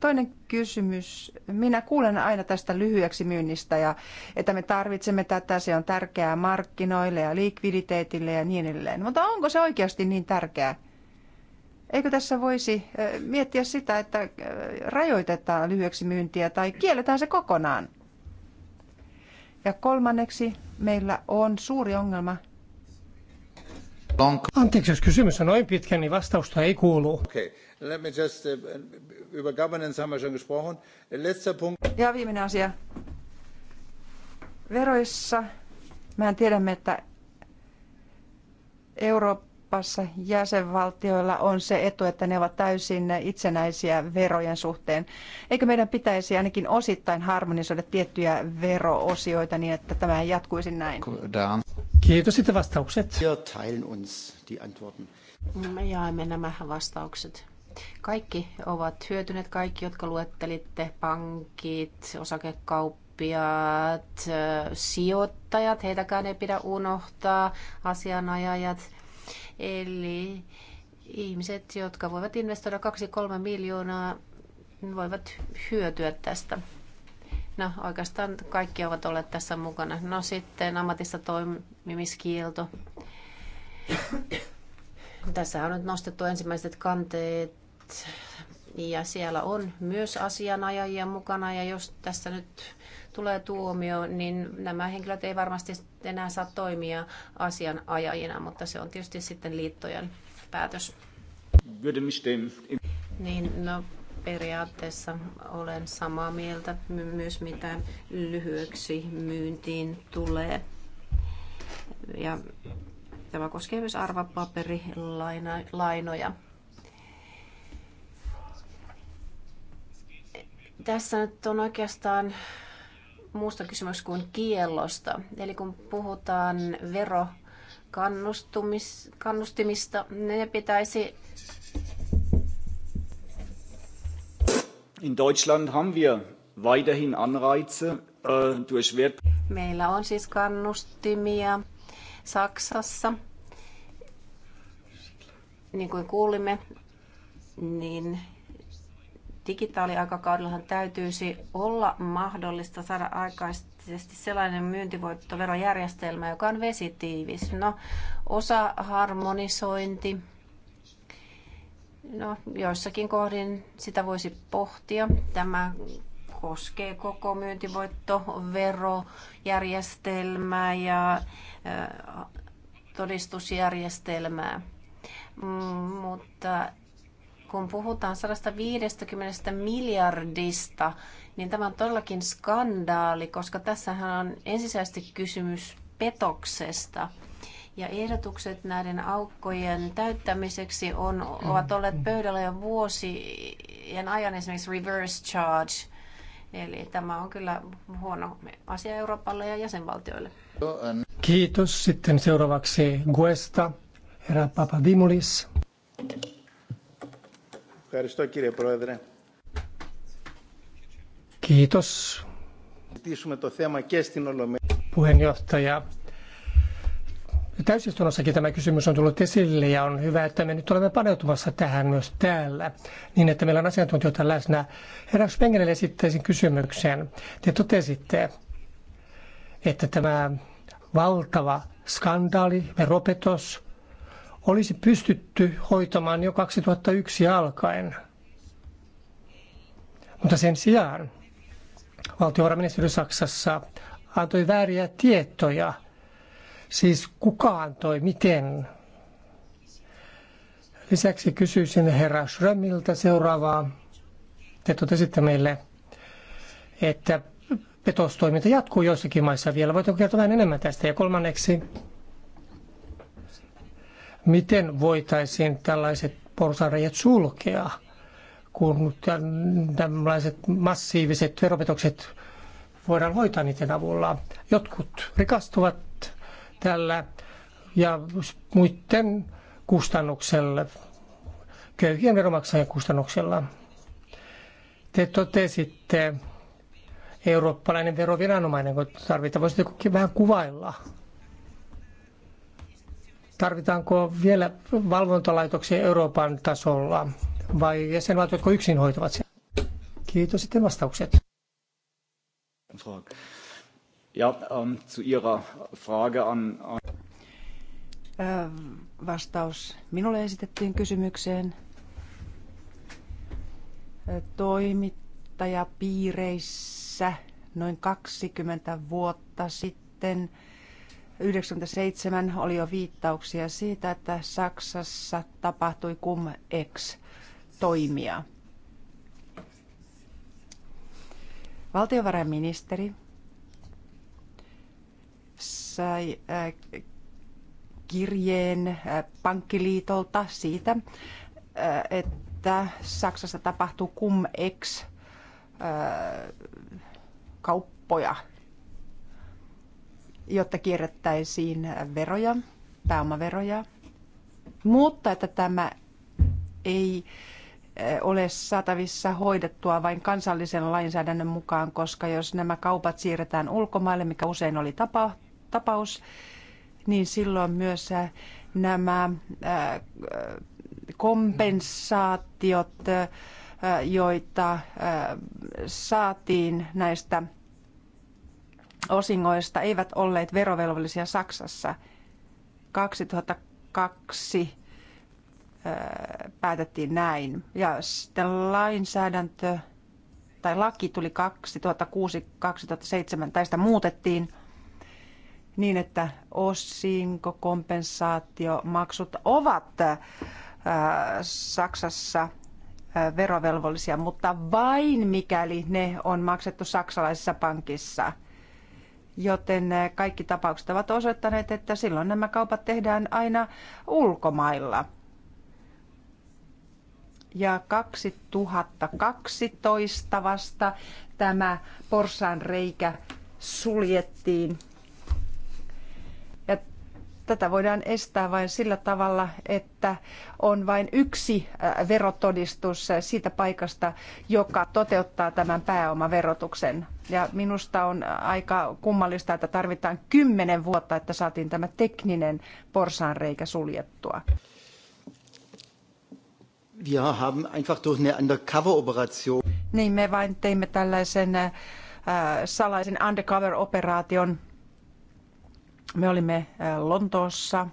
Toinen kysymys. Minä kuulen aina tästä lyhyeksi myynnistä ja että me tarvitsemme tätä, se on tärkeää markkinoille ja likviditeetille ja niin edelleen. Mutta onko se oikeasti niin tärkeää? Eikö tässä voisi miettiä sitä, että rajoitetaan lyhyeksi myyntiä tai kielletään se kokonaan? Ja kolmanneksi meillä on suuri ongelma
Anteeksi, jos kysymys on noin pitkä, niin vastausta ei kuulu. Okay. Let me just, uh, uh, über governance
Ja viimeinen asia. Veroissa Mä en tiedä, että Euroopassa jäsenvaltioilla on se etu, että ne ovat täysin itsenäisiä verojen suhteen. Eikö meidän pitäisi ainakin osittain harmonisoida tiettyjä veroosioita niin,
että tämä ei jatkuisi näin?
Kiitos sitten vastaukset.
Me jaamme nämä vastaukset. Kaikki ovat hyötyneet, kaikki jotka luettelitte, pankit, osakekauppiaat, sijoittajat, heitäkään ei pidä unohtaa, asianajajat. Eli ihmiset, jotka voivat investoida 2-3 miljoonaa, voivat hyötyä tästä. No oikeastaan kaikki ovat olleet tässä mukana. No sitten ammatissa toimimiskielto. Tässä on nyt nostettu ensimmäiset kanteet ja siellä on myös asianajajia mukana ja jos tässä nyt tulee tuomio, niin nämä henkilöt ei varmasti enää saa toimia asianajajina, mutta se on tietysti sitten liittojen päätös. Niin, no, periaatteessa olen samaa mieltä myös mitä lyhyeksi myyntiin tulee. Ja tämä koskee myös arvapaperilainoja. Tässä nyt on oikeastaan muusta kysymys kuin kiellosta. Eli kun puhutaan verokannustimista, ne pitäisi
In Deutschland haben wir weiterhin Anreize äh, durch Wert.
Meillä on siis kannustimia Saksassa. Niin kuin kuulimme, niin digitaaliaikakaudellahan täytyisi olla mahdollista saada aikaisesti sellainen myyntivoittoverojärjestelmä, joka on vesitiivis. No, osa harmonisointi No, joissakin kohdin sitä voisi pohtia. Tämä koskee koko myyntivoittoverojärjestelmää ja todistusjärjestelmää. Mm, mutta kun puhutaan 150 miljardista, niin tämä on todellakin skandaali, koska tässähän on ensisijaisesti kysymys petoksesta – ja ehdotukset näiden aukkojen täyttämiseksi on, ovat olleet pöydällä jo vuosien ajan esimerkiksi reverse charge. Eli tämä on kyllä huono asia Euroopalle ja
jäsenvaltioille. Kiitos. Sitten seuraavaksi Guesta, herra Papadimulis. Kiitos. Puheenjohtaja, Täysistunnossakin tämä kysymys on tullut esille ja on hyvä, että me nyt olemme paneutumassa tähän myös täällä, niin että meillä on asiantuntijoita läsnä. Herra Spengenelle esittäisin kysymyksen. Te totesitte, että tämä valtava skandaali, veropetos, olisi pystytty hoitamaan jo 2001 alkaen. Mutta sen sijaan valtiovarainministeri Saksassa antoi vääriä tietoja – Siis kuka antoi miten? Lisäksi kysyisin herra Schrömmiltä seuraavaa. Te totesitte meille, että petostoiminta jatkuu joissakin maissa vielä. Voitko kertoa vähän enemmän tästä? Ja kolmanneksi, miten voitaisiin tällaiset porsareijat sulkea, kun tällaiset massiiviset veropetokset voidaan hoitaa niiden avulla. Jotkut rikastuvat tällä ja muiden kustannuksella, köyhien veromaksajien kustannuksella. Te totesitte, eurooppalainen veroviranomainen, kun tarvitaan, voisitteko vähän kuvailla? Tarvitaanko vielä valvontalaitoksia Euroopan tasolla vai jäsenvaltiot, jotka yksin hoitavat sen? Kiitos sitten vastaukset. Ja, um, zu ihrer Frage an, an... Äh, vastaus
minulle esitettyyn kysymykseen. Äh, toimittajapiireissä noin 20 vuotta sitten 97 oli jo viittauksia siitä, että Saksassa tapahtui cum ex toimia. Valtiovarainministeri sai äh, kirjeen äh, pankkiliitolta siitä, äh, että Saksassa tapahtuu cum ex kauppoja, jotta kierrettäisiin veroja, pääomaveroja, mutta että tämä ei ole saatavissa hoidettua vain kansallisen lainsäädännön mukaan, koska jos nämä kaupat siirretään ulkomaille, mikä usein oli tapa, tapaus, niin silloin myös äh, nämä äh, kompensaatiot, äh, joita saatiin näistä osingoista, eivät olleet verovelvollisia Saksassa. 2002 päätettiin näin. Ja sitten lainsäädäntö tai laki tuli 2006-2007, tai sitä muutettiin – niin, että maksut ovat äh, Saksassa äh, verovelvollisia, mutta vain mikäli ne on maksettu saksalaisessa pankissa. Joten äh, kaikki tapaukset ovat osoittaneet, että silloin nämä kaupat tehdään aina ulkomailla. Ja 2012 vasta tämä porsan reikä suljettiin Tätä voidaan estää vain sillä tavalla, että on vain yksi äh, verotodistus äh, siitä paikasta, joka toteuttaa tämän pääomaverotuksen. Ja minusta on äh, aika kummallista, että tarvitaan kymmenen vuotta, että saatiin tämä tekninen porsaanreikä suljettua.
Wir haben einfach durch eine Undercover-Operation.
Niin, me vain teimme tällaisen äh, salaisen undercover-operaation me olimme Lontoossa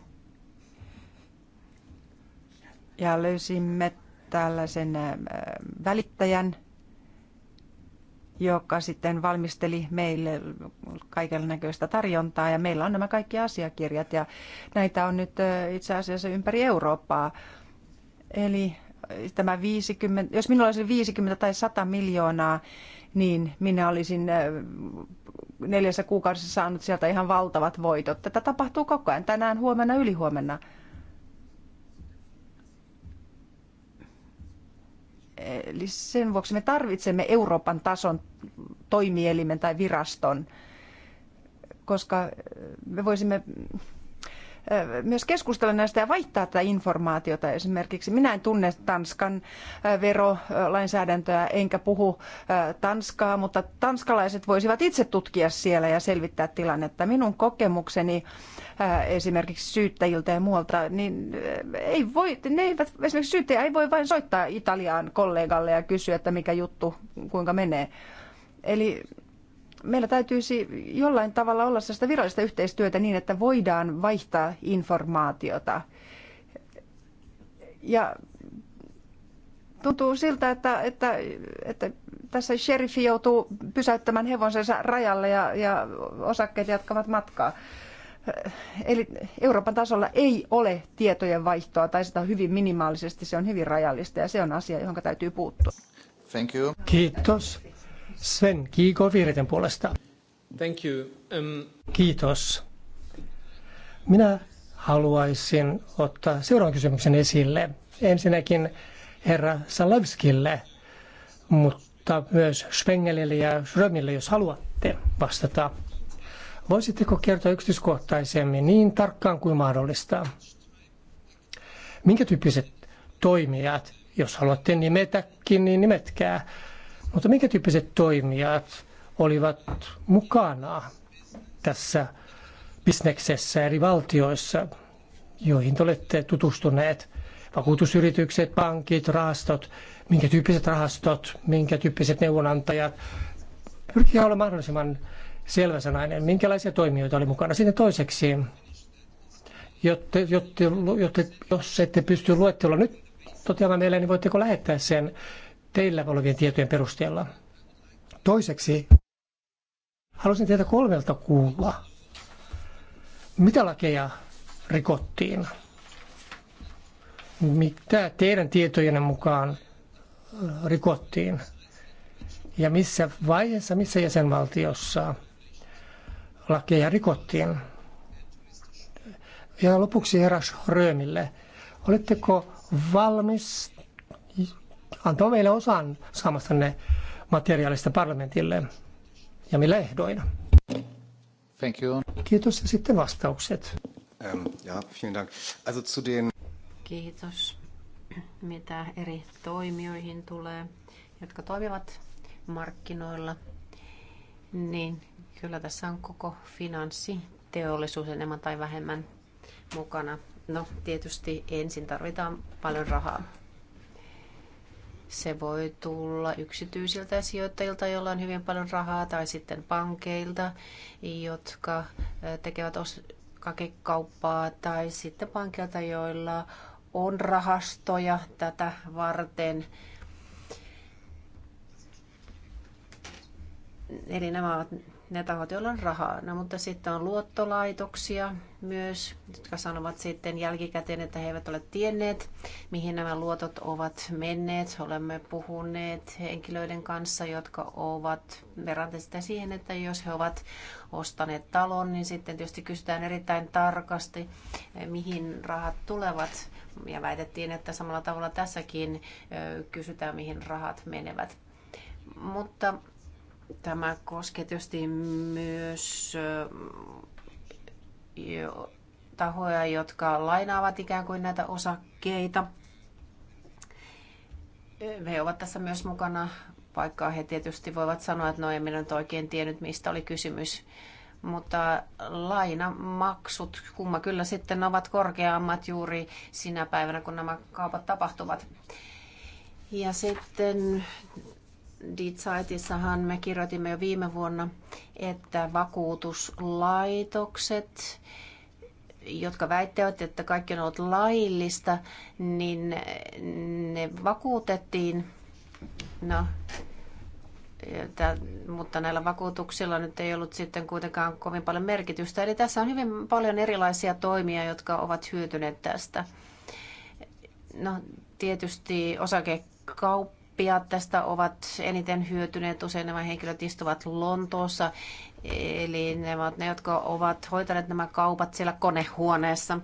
ja löysimme tällaisen välittäjän, joka sitten valmisteli meille kaiken näköistä tarjontaa. Ja meillä on nämä kaikki asiakirjat ja näitä on nyt itse asiassa ympäri Eurooppaa. Eli tämä 50, jos minulla olisi 50 tai 100 miljoonaa niin minä olisin äh, neljässä kuukaudessa saanut sieltä ihan valtavat voitot. Tätä tapahtuu koko ajan, tänään, huomenna, ylihuomenna. Eli sen vuoksi me tarvitsemme Euroopan tason toimielimen tai viraston, koska me voisimme myös keskustella näistä ja vaihtaa tätä informaatiota esimerkiksi. Minä en tunne Tanskan verolainsäädäntöä enkä puhu Tanskaa, mutta tanskalaiset voisivat itse tutkia siellä ja selvittää tilannetta. Minun kokemukseni esimerkiksi syyttäjiltä ja muualta, niin ei voi, ne eivät, esimerkiksi syyttäjä ei voi vain soittaa Italiaan kollegalle ja kysyä, että mikä juttu, kuinka menee. Eli meillä täytyisi jollain tavalla olla sellaista virallista yhteistyötä niin, että voidaan vaihtaa informaatiota. Ja tuntuu siltä, että, että, että tässä sheriffi joutuu pysäyttämään hevosensa rajalle ja, ja osakkeet jatkavat matkaa. Eli Euroopan tasolla ei ole tietojen vaihtoa tai sitä hyvin minimaalisesti, se on hyvin rajallista ja se on asia, johon täytyy puuttua.
Thank you. Kiitos. Sven Kiiko puolesta. Thank you. Um... Kiitos. Minä haluaisin ottaa seuraavan kysymyksen esille. Ensinnäkin herra Salavskille, mutta myös Spengelille ja Schrömille, jos haluatte vastata. Voisitteko kertoa yksityiskohtaisemmin niin tarkkaan kuin mahdollista? Minkä tyyppiset toimijat, jos haluatte nimetäkin, niin nimetkää, mutta minkä tyyppiset toimijat olivat mukana tässä bisneksessä eri valtioissa, joihin te olette tutustuneet? Vakuutusyritykset, pankit, rahastot, minkä tyyppiset rahastot, minkä tyyppiset neuvonantajat. pyrkiä olla mahdollisimman selväsanainen, minkälaisia toimijoita oli mukana. Sitten toiseksi, jotta, jotte, jotte, jos ette pysty luettelua nyt toteamaan meille, niin voitteko lähettää sen teillä olevien tietojen perusteella? Toiseksi, haluaisin teitä kolmelta kuulla, mitä lakeja rikottiin? Mitä teidän tietojenne mukaan rikottiin? Ja missä vaiheessa, missä jäsenvaltiossa lakeja rikottiin? Ja lopuksi herra Röömille. Oletteko valmis antoi meille osan saamastanne materiaalista parlamentille ja millä ehdoina. Thank you. Kiitos ja sitten vastaukset. Ähm, ja, vielen Dank. Also zu den...
Kiitos. Mitä eri toimijoihin tulee, jotka toimivat markkinoilla, niin kyllä tässä on koko finanssiteollisuus enemmän tai vähemmän mukana. No tietysti ensin tarvitaan paljon rahaa. Se voi tulla yksityisiltä sijoittajilta, joilla on hyvin paljon rahaa, tai sitten pankeilta, jotka tekevät osakekauppaa, tai sitten pankeilta joilla on rahastoja tätä varten. Eli nämä ovat ne tahot, joilla on rahaa. No, mutta sitten on luottolaitoksia myös, jotka sanovat sitten jälkikäteen, että he eivät ole tienneet, mihin nämä luotot ovat menneet. Olemme puhuneet henkilöiden kanssa, jotka ovat verranneet sitä siihen, että jos he ovat ostaneet talon, niin sitten tietysti kysytään erittäin tarkasti, eh, mihin rahat tulevat. Ja väitettiin, että samalla tavalla tässäkin eh, kysytään, mihin rahat menevät. Mutta Tämä koskee tietysti myös tahoja, jotka lainaavat ikään kuin näitä osakkeita. He ovat tässä myös mukana, vaikka he tietysti voivat sanoa, että no en minä nyt oikein tiennyt, mistä oli kysymys. Mutta lainamaksut, kumma kyllä sitten ovat korkeammat juuri sinä päivänä, kun nämä kaupat tapahtuvat. Ja sitten Ditsaitissahan me kirjoitimme jo viime vuonna, että vakuutuslaitokset, jotka väittävät, että kaikki on ollut laillista, niin ne vakuutettiin. No, mutta näillä vakuutuksilla nyt ei ollut sitten kuitenkaan kovin paljon merkitystä. Eli tässä on hyvin paljon erilaisia toimia, jotka ovat hyötyneet tästä. No, tietysti osakekauppa oppijat tästä ovat eniten hyötyneet. Usein nämä henkilöt istuvat Lontoossa, eli ne ovat ne, jotka ovat hoitaneet nämä kaupat siellä konehuoneessa.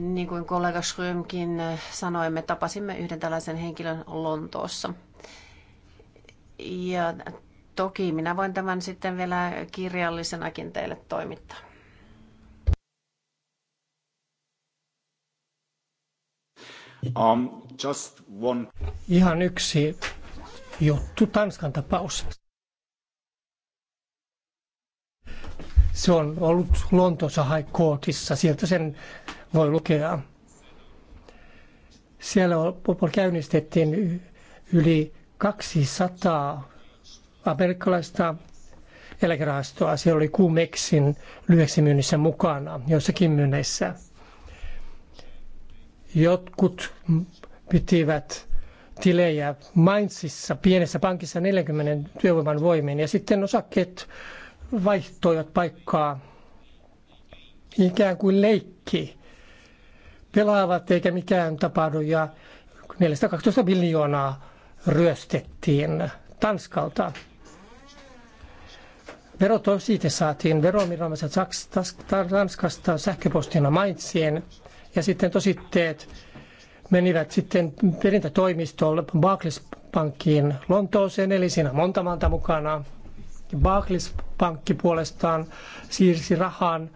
Niin kuin kollega Schrömkin sanoi, me tapasimme yhden tällaisen henkilön Lontoossa. Ja toki minä voin tämän sitten vielä kirjallisenakin teille
toimittaa. Um, just one. Ihan yksi juttu Tanskan tapaus. Se on ollut Lontoossa High Courtissa, sieltä sen voi lukea. Siellä käynnistettiin yli 200 amerikkalaista eläkerahastoa. Siellä oli Kumexin lyhyeksi myynnissä mukana joissakin myynneissä. Jotkut pitivät tilejä Mainzissa pienessä pankissa 40 työvoiman voimin ja sitten osakkeet vaihtoivat paikkaa ikään kuin leikki. Pelaavat eikä mikään tapahdu ja 412 miljoonaa ryöstettiin Tanskalta. Verot siitä saatiin veromiromaiset Tanskasta sähköpostina Mainzien ja sitten tositteet menivät sitten perintätoimistolle Barclays-pankkiin Lontooseen, eli siinä monta maata mukana. Barclays-pankki puolestaan siirsi rahan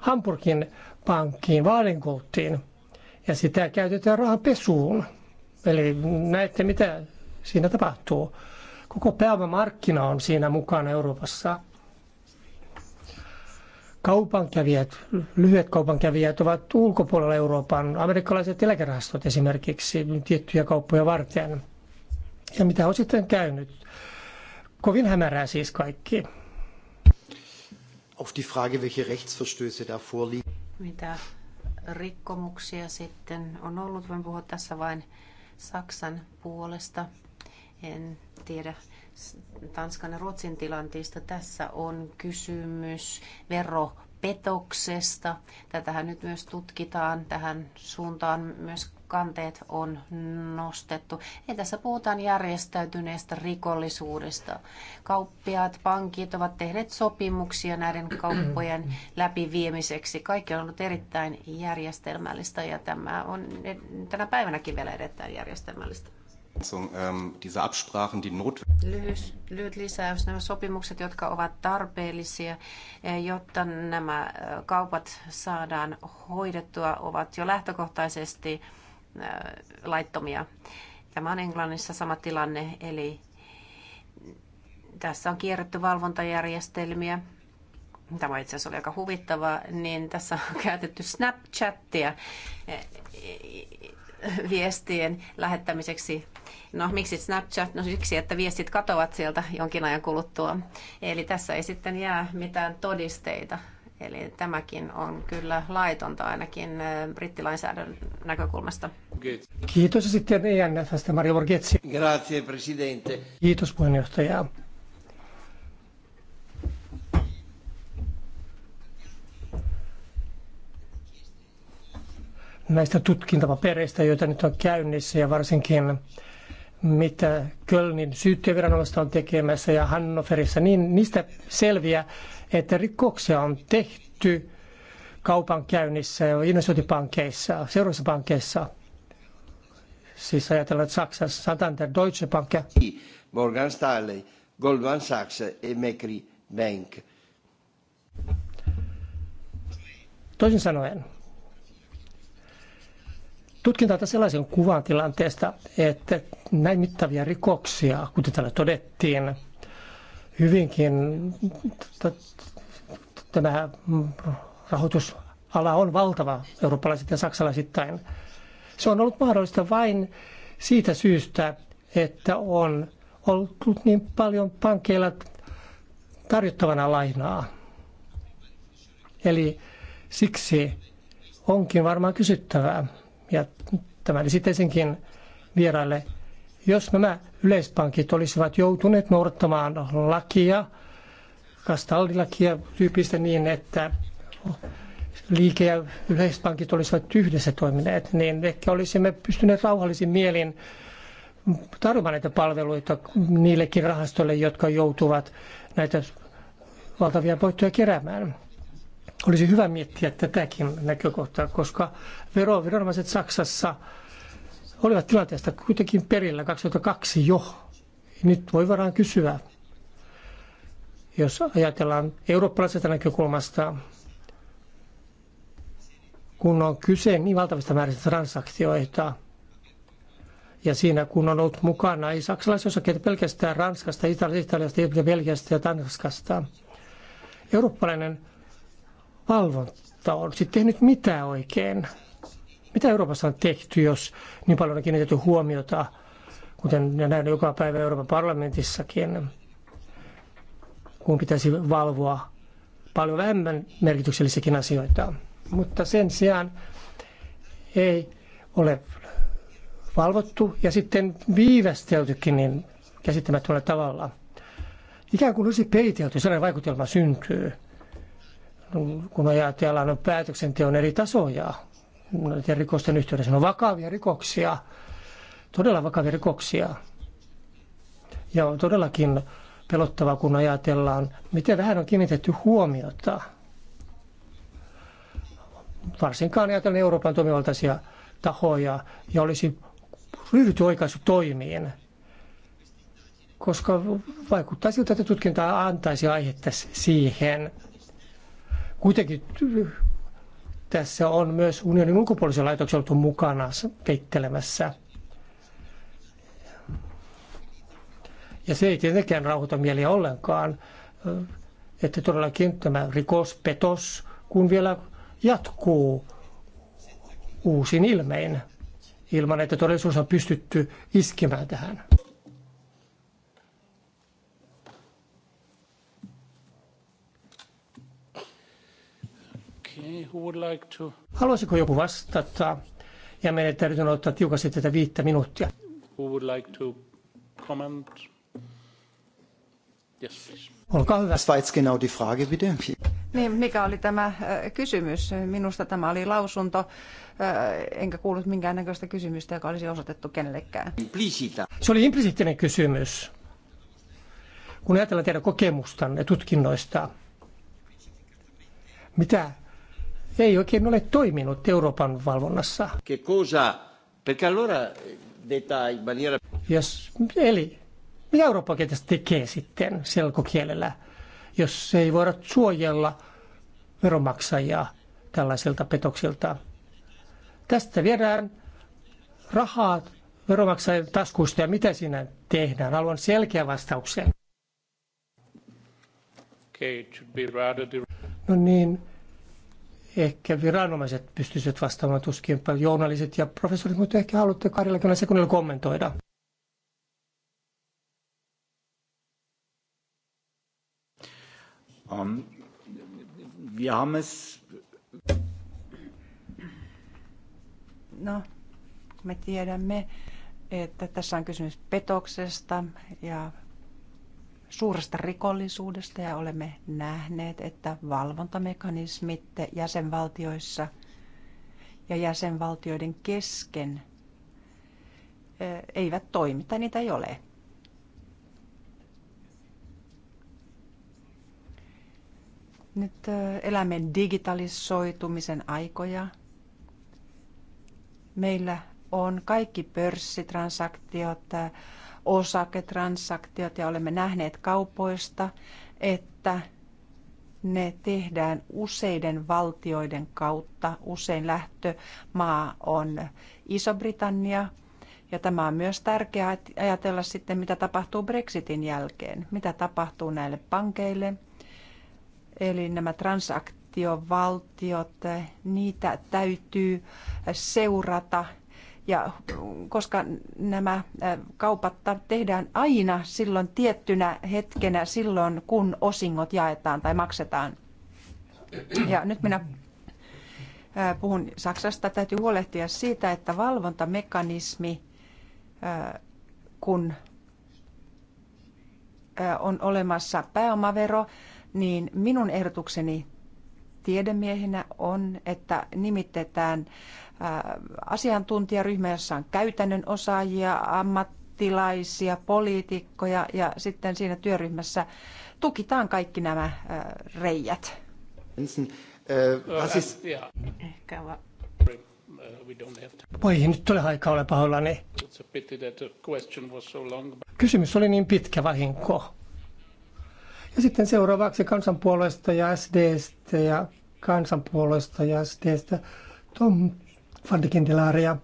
Hamburgin pankkiin, Vaalenkouttiin, ja sitä käytetään rahapesuun. Eli näette, mitä siinä tapahtuu. Koko pääomamarkkina on siinä mukana Euroopassa kaupankävijät, lyhyet kaupankävijät ovat ulkopuolella Euroopan, amerikkalaiset eläkerahastot esimerkiksi tiettyjä kauppoja varten. Ja mitä on sitten käynyt? Kovin hämärää siis kaikki. Auf die Frage, welche Rechtsverstöße da vorliegen.
Mitä rikkomuksia sitten on ollut? Voin puhua tässä vain Saksan puolesta. En tiedä Tanskan ja Ruotsin tilanteesta. Tässä on kysymys veropetoksesta. Tätähän nyt myös tutkitaan. Tähän suuntaan myös kanteet on nostettu. Ei tässä puhutaan järjestäytyneestä rikollisuudesta. Kauppiaat, pankit ovat tehneet sopimuksia näiden kauppojen [clears throat] läpiviemiseksi. Kaikki on ollut erittäin järjestelmällistä ja tämä on tänä päivänäkin vielä erittäin järjestelmällistä.
Ähm,
lyhyt, lyhyt lisäys, nämä sopimukset, jotka ovat tarpeellisia, eh, jotta nämä eh, kaupat saadaan hoidettua, ovat jo lähtökohtaisesti eh, laittomia. Tämä on Englannissa sama tilanne, eli tässä on kierretty valvontajärjestelmiä. Tämä itse asiassa oli aika huvittavaa, niin tässä on [laughs] käytetty Snapchattia viestien lähettämiseksi. No miksi Snapchat? No siksi, että viestit katoavat sieltä jonkin ajan kuluttua. Eli tässä ei sitten jää mitään todisteita. Eli tämäkin on kyllä laitonta ainakin brittilainsäädännön
näkökulmasta. Kiitos ja sitten ENFstä Mario Borghetsi. Grazie, presidente. Kiitos puheenjohtaja. näistä tutkintapapereista, joita nyt on käynnissä ja varsinkin mitä Kölnin syyttäjäviranomaista on tekemässä ja Hannoverissa, niin niistä selviää, että rikoksia on tehty kaupankäynnissä ja investointipankkeissa, seuraavissa pankkeissa. Siis ajatellaan, että Saksassa Santander, Deutsche Bank Morgan Stanley, Goldman Sachs ja e Mekri Bank. Toisin sanoen, tutkinta antaa sellaisen kuvan tilanteesta, että näin mittavia rikoksia, kuten täällä todettiin, hyvinkin tämä rahoitusala on valtava eurooppalaiset ja saksalaisittain. Se on ollut mahdollista vain siitä syystä, että on ollut niin paljon pankeilla tarjottavana lainaa. Eli siksi onkin varmaan kysyttävää ja sitten senkin vieraille, jos nämä yleispankit olisivat joutuneet noudattamaan lakia, kastallilakia tyypistä niin, että liike- ja yleispankit olisivat yhdessä toimineet, niin ehkä olisimme pystyneet rauhallisin mielin tarjoamaan näitä palveluita niillekin rahastoille, jotka joutuvat näitä valtavia voittoja keräämään. Olisi hyvä miettiä tätäkin näkökohtaa, koska veroviranomaiset Saksassa olivat tilanteesta kuitenkin perillä 2002 jo. Nyt voi varmaan kysyä, jos ajatellaan eurooppalaisesta näkökulmasta, kun on kyse niin valtavista määristä transaktioita, ja siinä kun on ollut mukana ei saksalaisia osakkeita pelkästään Ranskasta, Italiasta, Italiasta Belgiasta ja Tanskasta. Eurooppalainen valvonta on sitten tehnyt mitä oikein? Mitä Euroopassa on tehty, jos niin paljon on kiinnitetty huomiota, kuten näin joka päivä Euroopan parlamentissakin, kun pitäisi valvoa paljon vähemmän merkityksellisiäkin asioita. Mutta sen sijaan ei ole valvottu ja sitten viivästeltykin niin käsittämättömällä tavalla. Ikään kuin olisi peitelty, sellainen vaikutelma syntyy kun ajatellaan päätöksenteon eri tasoja näiden rikosten yhteydessä. Ne on vakavia rikoksia, todella vakavia rikoksia. Ja on todellakin pelottavaa, kun ajatellaan, miten vähän on kiinnitetty huomiota. Varsinkaan ajatellen Euroopan toimivaltaisia tahoja ja olisi ryhdytty toimiin, koska vaikuttaa siltä, että tutkinta antaisi aihetta siihen. Kuitenkin äh, tässä on myös unionin ulkopuolisen laitoksen oltu mukana peittelemässä. Ja se ei tietenkään rauhoita mieliä ollenkaan, äh, että todellakin tämä rikospetos, kun vielä jatkuu uusin ilmein, ilman että todellisuus on pystytty iskemään tähän. Haluaisiko joku vastata? Ja meidän täytyy ottaa tiukasti tätä viittä minuuttia. Olkaa hyvä.
Niin, mikä oli tämä äh, kysymys? Minusta tämä oli lausunto, äh, enkä kuullut minkäännäköistä kysymystä, joka olisi osoitettu kenellekään.
Se oli implisiittinen kysymys. Kun ajatellaan teidän kokemustanne tutkinnoista, mitä ei oikein ole toiminut Euroopan valvonnassa. Che cosa? Perché allora eh, detta in maniera... Jos, eli mitä Eurooppa oikeastaan tekee sitten selkokielellä, jos ei voida suojella veronmaksajia tällaisilta petoksilta? Tästä viedään rahaa veronmaksajien taskuista ja mitä siinä tehdään? Haluan selkeän vastauksen. Okay, it should be rather... No niin, ehkä viranomaiset pystyisivät vastaamaan tuskin journalistit ja professorit, mutta ehkä haluatte 20 sekunnilla kommentoida. Um, ähm, vi har mes... No,
me tiedämme, että tässä on kysymys petoksesta ja suuresta rikollisuudesta ja olemme nähneet, että valvontamekanismit jäsenvaltioissa ja jäsenvaltioiden kesken eh, eivät toimi tai niitä ei ole. Nyt eh, elämme digitalisoitumisen aikoja. Meillä on kaikki pörssitransaktiot, osaketransaktiot ja olemme nähneet kaupoista, että ne tehdään useiden valtioiden kautta. Usein lähtömaa on Iso-Britannia, ja tämä on myös tärkeää ajatella sitten, mitä tapahtuu Brexitin jälkeen, mitä tapahtuu näille pankeille. Eli nämä transaktiovaltiot, niitä täytyy seurata ja koska nämä kaupat tehdään aina silloin tiettynä hetkenä, silloin kun osingot jaetaan tai maksetaan. Ja nyt minä puhun Saksasta, täytyy huolehtia siitä, että valvontamekanismi, kun on olemassa pääomavero, niin minun ehdotukseni tiedemiehenä on, että nimitetään asiantuntijaryhmä, jossa on käytännön osaajia, ammattilaisia, poliitikkoja ja sitten siinä työryhmässä tukitaan kaikki nämä reijät.
voi nyt ole aika ole pahoillani. Kysymys oli niin pitkä vahinko. Ja sitten seuraavaksi kansanpuolueesta ja SDstä ja kansanpuolueesta ja SDstä Tom Fantikintilaaria.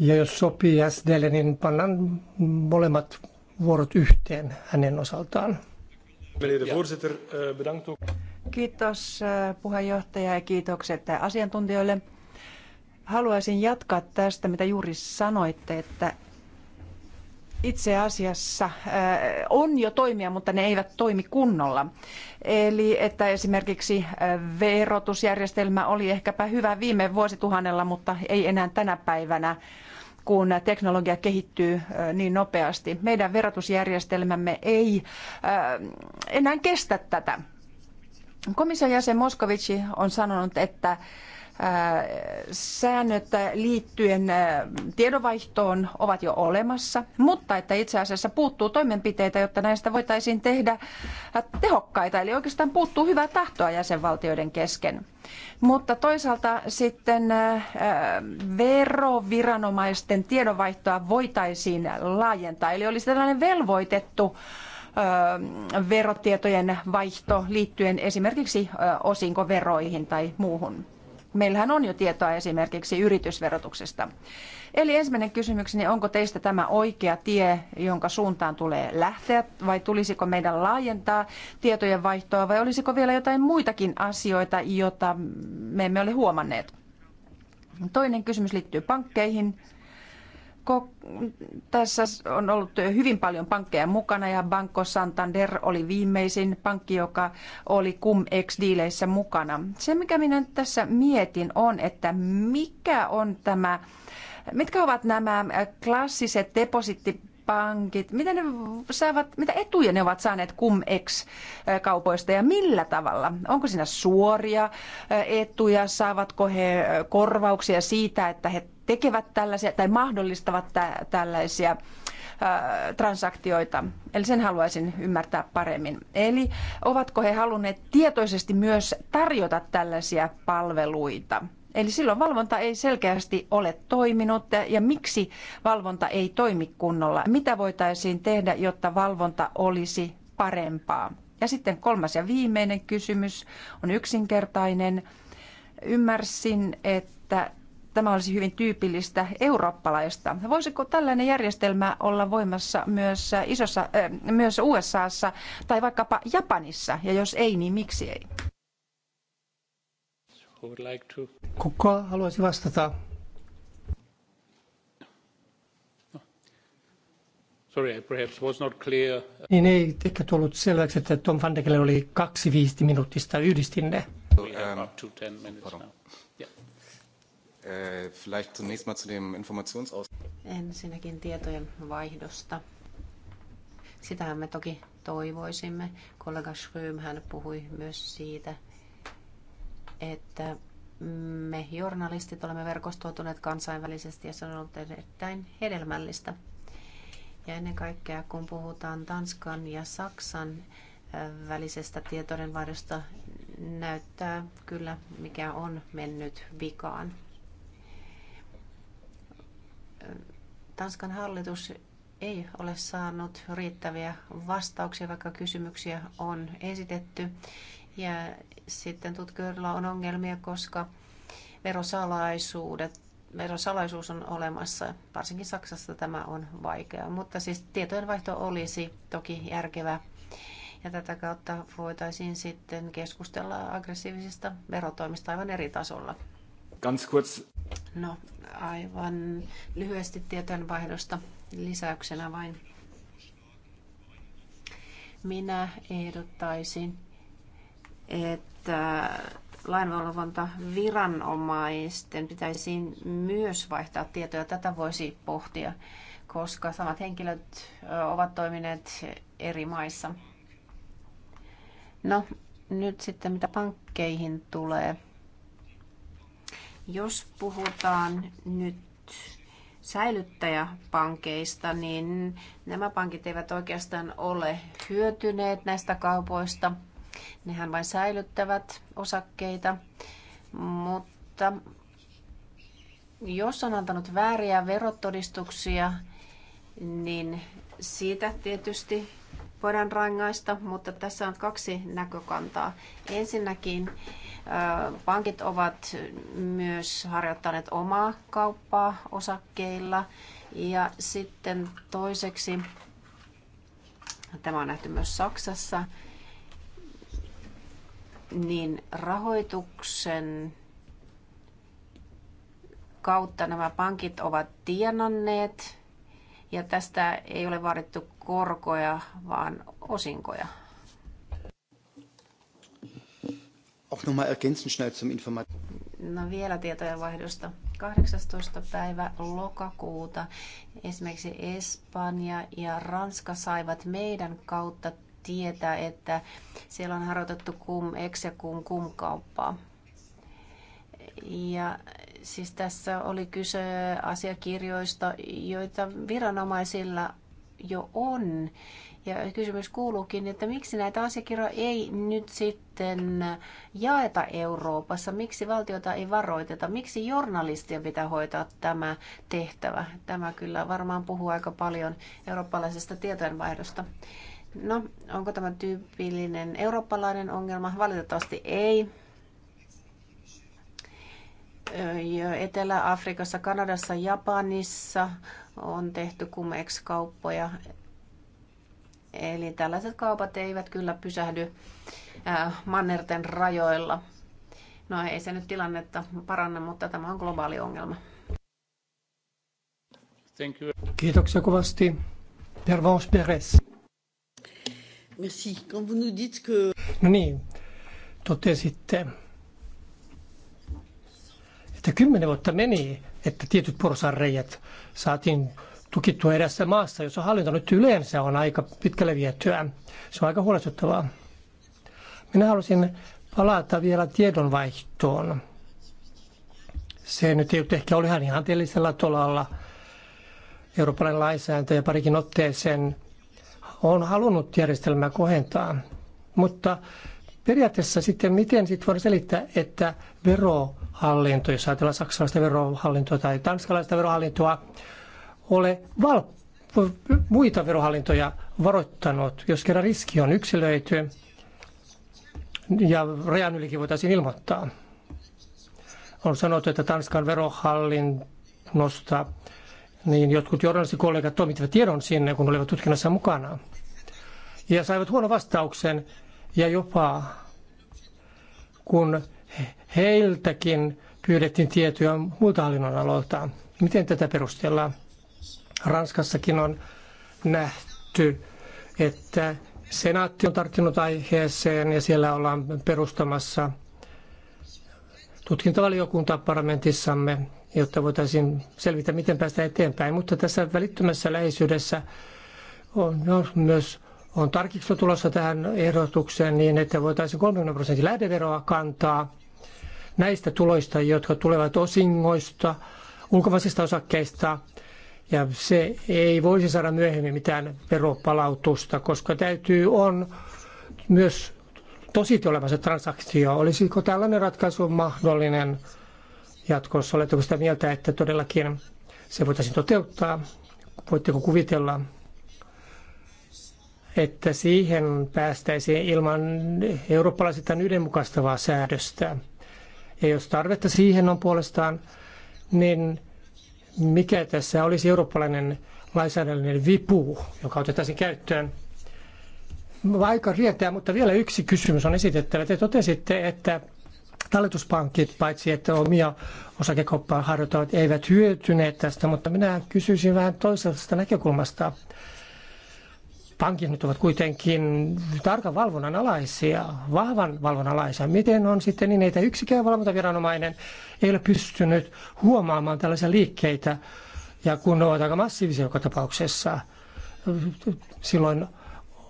Ja jos sopii SDlle, niin pannaan molemmat vuorot yhteen hänen osaltaan. Eh,
Kiitos eh, puheenjohtaja ja kiitokset asiantuntijoille. Haluaisin jatkaa tästä, mitä juuri sanoitte, että itse asiassa äh, on jo toimia, mutta ne eivät toimi kunnolla. Eli että esimerkiksi äh, verotusjärjestelmä oli ehkäpä hyvä viime vuosituhannella, mutta ei enää tänä päivänä kun teknologia kehittyy äh, niin nopeasti. Meidän verotusjärjestelmämme ei enää kestä tätä. Komission jäsen Moskovici on sanonut, että säännöt liittyen tiedonvaihtoon ovat jo olemassa, mutta että itse asiassa puuttuu toimenpiteitä, jotta näistä voitaisiin tehdä tehokkaita, eli oikeastaan puuttuu hyvää tahtoa jäsenvaltioiden kesken. Mutta toisaalta sitten veroviranomaisten tiedonvaihtoa voitaisiin laajentaa, eli olisi tällainen velvoitettu verotietojen vaihto liittyen esimerkiksi osinkoveroihin tai muuhun. Meillähän on jo tietoa esimerkiksi yritysverotuksesta. Eli ensimmäinen kysymykseni, onko teistä tämä oikea tie, jonka suuntaan tulee lähteä, vai tulisiko meidän laajentaa tietojen vaihtoa, vai olisiko vielä jotain muitakin asioita, joita me emme ole huomanneet? Toinen kysymys liittyy pankkeihin tässä on ollut hyvin paljon pankkeja mukana ja Banco Santander oli viimeisin pankki, joka oli cum ex diileissä mukana. Se, mikä minä nyt tässä mietin, on, että mikä on tämä, mitkä ovat nämä klassiset depositti pankit, miten ne saavat, mitä etuja ne ovat saaneet CumEx-kaupoista ja millä tavalla? Onko siinä suoria etuja? Saavatko he korvauksia siitä, että he tekevät tällaisia tai mahdollistavat tä- tällaisia transaktioita. Eli sen haluaisin ymmärtää paremmin. Eli ovatko he halunneet tietoisesti myös tarjota tällaisia palveluita? Eli silloin valvonta ei selkeästi ole toiminut ja miksi valvonta ei toimi kunnolla? Mitä voitaisiin tehdä, jotta valvonta olisi parempaa? Ja sitten kolmas ja viimeinen kysymys on yksinkertainen. Ymmärsin, että tämä olisi hyvin tyypillistä eurooppalaista. Voisiko tällainen järjestelmä olla voimassa myös, isossa, äh, myös USAssa tai vaikkapa Japanissa? Ja jos ei, niin miksi ei?
Kuka haluaisi vastata? No. Sorry, I perhaps was not clear. Niin ei ehkä tullut selväksi, että Tom van de oli kaksi viisi minuuttista yhdistin ne.
Ensinnäkin tietojen vaihdosta. Sitähän me toki toivoisimme. Kollega Schröm hän puhui myös siitä, että me journalistit olemme verkostoituneet kansainvälisesti ja se on ollut erittäin hedelmällistä. Ja ennen kaikkea kun puhutaan Tanskan ja Saksan välisestä tietojenvaihdosta, näyttää kyllä mikä on mennyt vikaan. Tanskan hallitus ei ole saanut riittäviä vastauksia, vaikka kysymyksiä on esitetty. Ja sitten tutkijoilla on ongelmia, koska verosalaisuudet, verosalaisuus on olemassa. Varsinkin Saksassa tämä on vaikeaa, mutta siis tietojenvaihto olisi toki järkevä. Ja tätä kautta voitaisiin sitten keskustella aggressiivisista verotoimista aivan eri tasolla. Ganz kurz. No, aivan lyhyesti tietojenvaihdosta lisäyksenä vain. Minä ehdottaisin että lainvalvonta viranomaisten pitäisi myös vaihtaa tietoja. Tätä voisi pohtia, koska samat henkilöt ovat toimineet eri maissa. No, nyt sitten mitä pankkeihin tulee. Jos puhutaan nyt säilyttäjäpankeista, niin nämä pankit eivät oikeastaan ole hyötyneet näistä kaupoista – Nehän vain säilyttävät osakkeita, mutta jos on antanut vääriä verotodistuksia, niin siitä tietysti voidaan rangaista, mutta tässä on kaksi näkökantaa. Ensinnäkin pankit ovat myös harjoittaneet omaa kauppaa osakkeilla ja sitten toiseksi, tämä on nähty myös Saksassa, niin rahoituksen kautta nämä pankit ovat tienanneet ja tästä ei ole vaadittu korkoja, vaan osinkoja.
Auch nochmal ergänzen schnell zum
No vielä tietojen vaihdosta. 18. päivä lokakuuta esimerkiksi Espanja ja Ranska saivat meidän kautta tietää, että siellä on harjoitettu kum ex ja kum kum kauppaa. Ja siis tässä oli kyse asiakirjoista, joita viranomaisilla jo on. Ja kysymys kuuluukin, että miksi näitä asiakirjoja ei nyt sitten jaeta Euroopassa? Miksi valtiota ei varoiteta? Miksi journalistien pitää hoitaa tämä tehtävä? Tämä kyllä varmaan puhuu aika paljon eurooppalaisesta tietojenvaihdosta. No, onko tämä tyypillinen eurooppalainen ongelma? Valitettavasti ei. Etelä-Afrikassa, Kanadassa, Japanissa on tehty kumex-kauppoja. Eli tällaiset kaupat eivät kyllä pysähdy mannerten rajoilla. No ei se nyt tilannetta paranna, mutta tämä on globaali ongelma.
Thank you. Kiitoksia kovasti. Tervaus Peres. Merci. Quand vous nous dites que... No niin, totesitte, että kymmenen vuotta meni, että tietyt porsanreijät saatiin tukittua edessä maassa, jossa hallinto nyt yleensä on aika pitkälle vietyä. Se on aika huolestuttavaa. Minä halusin palata vielä tiedonvaihtoon. Se nyt ei ole ehkä ole ihan ihanteellisella tolalla. Eurooppalainen lainsääntö ja parikin otteeseen on halunnut järjestelmää kohentaa. Mutta periaatteessa sitten, miten sitten voidaan selittää, että verohallinto, jos ajatellaan saksalaista verohallintoa tai tanskalaista verohallintoa, ole val- muita verohallintoja varoittanut, jos kerran riski on yksilöity ja rajan ylikin voitaisiin ilmoittaa. On sanottu, että Tanskan verohallinnosta niin jotkut journalistikollegat toimittivat tiedon sinne, kun olivat tutkinnassa mukana ja saivat huono vastauksen ja jopa kun heiltäkin pyydettiin tietoja muilta hallinnonaloilta. Miten tätä perustellaan? Ranskassakin on nähty, että senaatti on tarttunut aiheeseen ja siellä ollaan perustamassa tutkintavaliokuntaa parlamentissamme, jotta voitaisiin selvitä, miten päästä eteenpäin. Mutta tässä välittömässä läheisyydessä on myös on tarkistus tulossa tähän ehdotukseen niin, että voitaisiin 30 prosentin lähdeveroa kantaa näistä tuloista, jotka tulevat osingoista, ulkomaisista osakkeista, ja se ei voisi saada myöhemmin mitään veropalautusta, koska täytyy on myös tosit olevansa transaktio. Olisiko tällainen ratkaisu mahdollinen jatkossa? Oletteko sitä mieltä, että todellakin se voitaisiin toteuttaa? Voitteko kuvitella että siihen päästäisiin ilman eurooppalaisittain yhdenmukaistavaa säädöstä. Ja jos tarvetta siihen on puolestaan, niin mikä tässä olisi eurooppalainen lainsäädännöllinen vipu, joka otettaisiin käyttöön? Vaikka rientää, mutta vielä yksi kysymys on esitettävä. Te totesitte, että talletuspankit, paitsi että omia osakekauppaa harjoittavat, eivät hyötyneet tästä, mutta minä kysyisin vähän toisesta näkökulmasta pankit nyt ovat kuitenkin tarkan valvonnan alaisia, vahvan valvonnan alaisia. Miten on sitten niin, että yksikään valvontaviranomainen ei ole pystynyt huomaamaan tällaisia liikkeitä, ja kun ne ovat aika massiivisia joka tapauksessa, silloin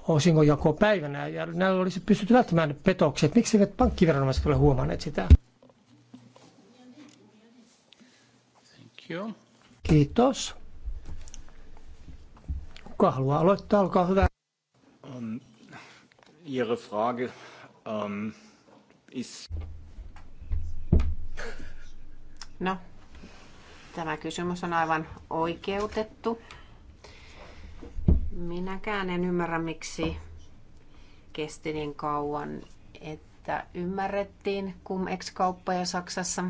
osingonjakoa päivänä, ja näillä olisi pystytty välttämään petokset. Miksi eivät pankkiviranomaiset ole huomanneet sitä? Thank you. Kiitos. Kuka haluaa aloittaa? Olkaa hyvä. Um, ihre Frage um, is...
No, tämä kysymys on aivan oikeutettu. Minäkään en ymmärrä, miksi kesti niin kauan, että ymmärrettiin kum ex kauppoja Saksassa.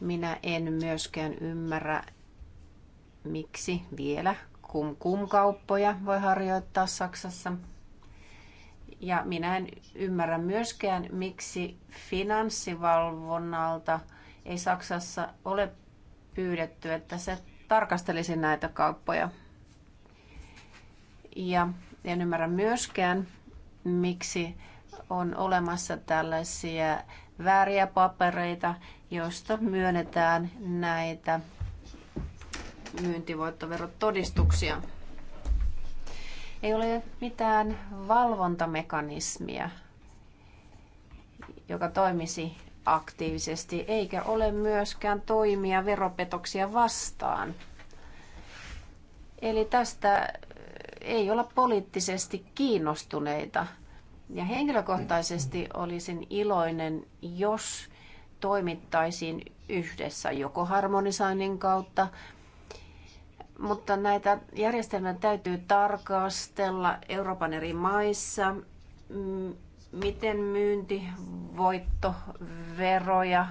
Minä en myöskään ymmärrä, miksi vielä kum-kum-kauppoja voi harjoittaa Saksassa. Ja minä en ymmärrä myöskään, miksi finanssivalvonnalta ei Saksassa ole pyydetty, että se tarkastelisi näitä kauppoja. Ja en ymmärrä myöskään, miksi on olemassa tällaisia vääriä papereita, joista myönnetään näitä myyntivoittoverotodistuksia. Ei ole mitään valvontamekanismia, joka toimisi aktiivisesti, eikä ole myöskään toimia veropetoksia vastaan. Eli tästä ei olla poliittisesti kiinnostuneita. Ja henkilökohtaisesti olisin iloinen, jos toimittaisiin yhdessä joko harmonisoinnin kautta mutta näitä järjestelmiä täytyy tarkastella Euroopan eri maissa, miten myynti, voitto, veroja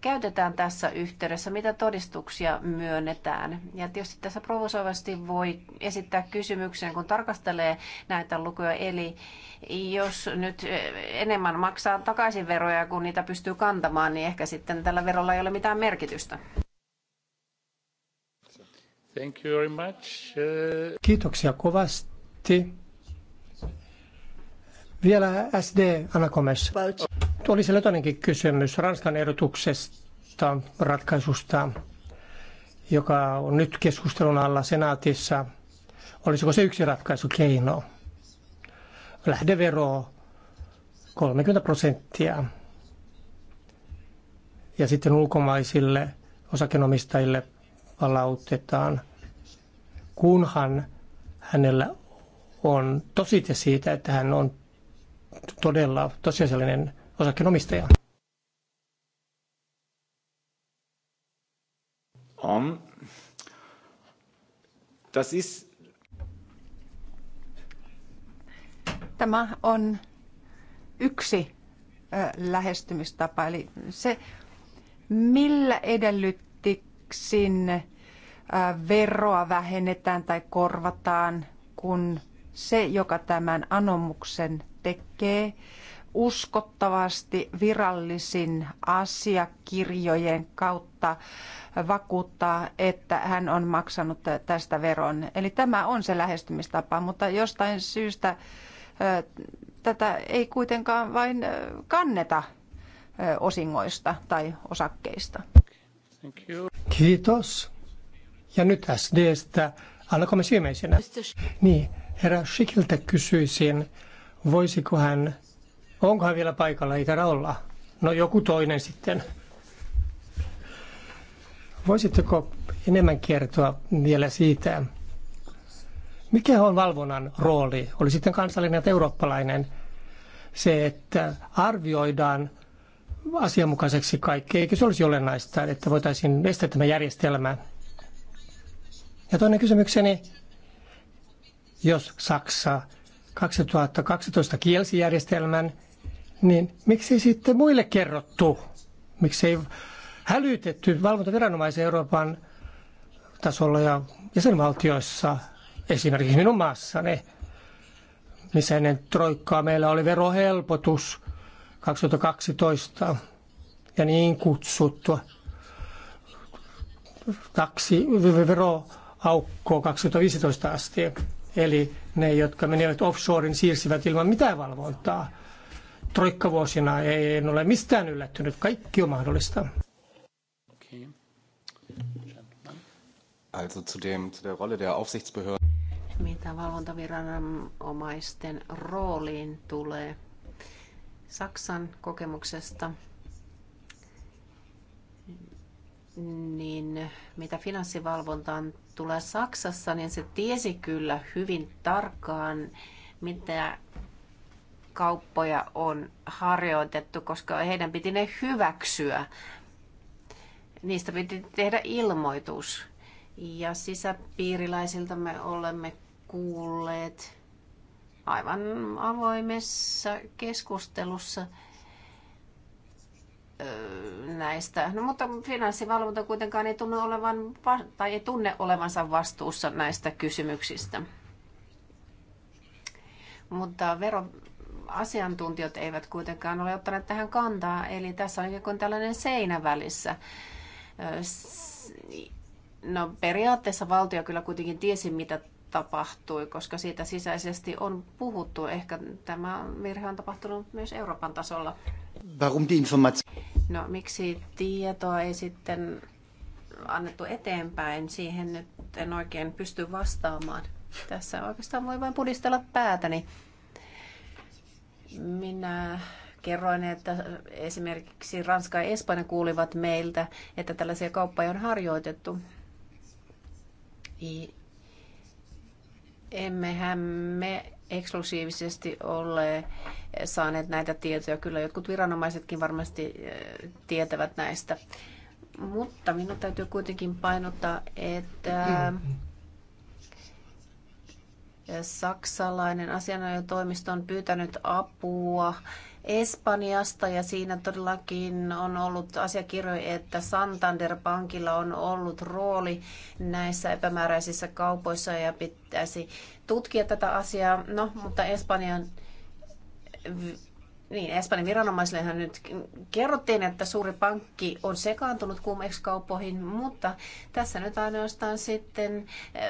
käytetään tässä yhteydessä, mitä todistuksia myönnetään. Ja tietysti tässä provosoivasti voi esittää kysymyksen, kun tarkastelee näitä lukuja, eli jos nyt enemmän maksaa takaisin veroja, kun niitä pystyy kantamaan, niin ehkä sitten tällä verolla ei ole mitään merkitystä.
Thank you very much. Uh, Kiitoksia kovasti. Vielä SD Anna Komes. Tuli siellä toinenkin kysymys Ranskan erotuksesta, ratkaisusta, joka on nyt keskustelun alla senaatissa. Olisiko se yksi ratkaisukeino? Lähdevero 30 prosenttia. Ja sitten ulkomaisille osakenomistajille palautetaan, kunhan hänellä on tosite siitä, että hän on todella tosiasiallinen osakkeenomistaja. Um, das ist
Tämä on yksi lähestymistapa, eli se, millä edellyt yksin veroa vähennetään tai korvataan, kun se, joka tämän anomuksen tekee, uskottavasti virallisin asiakirjojen kautta vakuuttaa, että hän on maksanut tästä veron. Eli tämä on se lähestymistapa, mutta jostain syystä tätä ei kuitenkaan vain kanneta osingoista tai osakkeista.
Kiitos. Ja nyt SDstä. Alkoimme viimeisenä. Niin, herra Schikiltä kysyisin, voisiko hän, onko hän vielä paikalla, ei täällä olla. No joku toinen sitten. Voisitteko enemmän kertoa vielä siitä, mikä on valvonnan rooli, oli sitten kansallinen tai eurooppalainen, se, että arvioidaan asianmukaiseksi kaikki. Eikö se olisi olennaista, että voitaisiin estää tämä järjestelmä? Ja toinen kysymykseni, jos Saksa 2012 kielsi järjestelmän, niin miksi sitten muille kerrottu? Miksi ei hälytetty valvontaviranomaisen Euroopan tasolla ja jäsenvaltioissa, esimerkiksi minun maassani, missä ennen troikkaa meillä oli verohelpotus 2012 ja niin kutsuttua taksi, veroaukkoa 2015 asti. Eli ne, jotka menivät offshorein, siirsivät ilman mitään valvontaa. Troikkavuosina ei en ole mistään yllättynyt. Kaikki on mahdollista. Okay. Also zu, dem, zu der Rolle der Aufsichtsbehörden.
Mitä valvontaviranomaisten rooliin tulee, Saksan kokemuksesta, niin mitä finanssivalvontaan tulee Saksassa, niin se tiesi kyllä hyvin tarkkaan, mitä kauppoja on harjoitettu, koska heidän piti ne hyväksyä. Niistä piti tehdä ilmoitus. Ja sisäpiiriläisiltä me olemme kuulleet, aivan avoimessa keskustelussa näistä. No, mutta finanssivalvonta kuitenkaan ei tunne, olevan, tai ei tunne olevansa vastuussa näistä kysymyksistä. Mutta veroasiantuntijat eivät kuitenkaan ole ottaneet tähän kantaa, eli tässä on ikään kuin tällainen seinä välissä. No periaatteessa valtio kyllä kuitenkin tiesi, mitä tapahtui, koska siitä sisäisesti on puhuttu. Ehkä tämä virhe on tapahtunut myös Euroopan tasolla. Warum die no miksi tietoa ei sitten annettu eteenpäin, siihen nyt en oikein pysty vastaamaan. Tässä oikeastaan voi vain pudistella päätäni. Minä kerroin, että esimerkiksi Ranska ja Espanja kuulivat meiltä, että tällaisia kauppoja on harjoitettu. Emmehän me eksklusiivisesti ole saaneet näitä tietoja. Kyllä jotkut viranomaisetkin varmasti eh, tietävät näistä. Mutta minun täytyy kuitenkin painottaa, että mm-hmm. saksalainen asianajotoimisto on pyytänyt apua Espanjasta ja siinä todellakin on ollut asiakirjoja, että Santander Pankilla on ollut rooli näissä epämääräisissä kaupoissa ja pitäisi tutkia tätä asiaa. No, mutta Espanjan niin, Espanjan viranomaisillehan nyt kerrottiin, että suuri pankki on sekaantunut kuumeiksi kauppoihin, mutta tässä nyt ainoastaan sitten äh,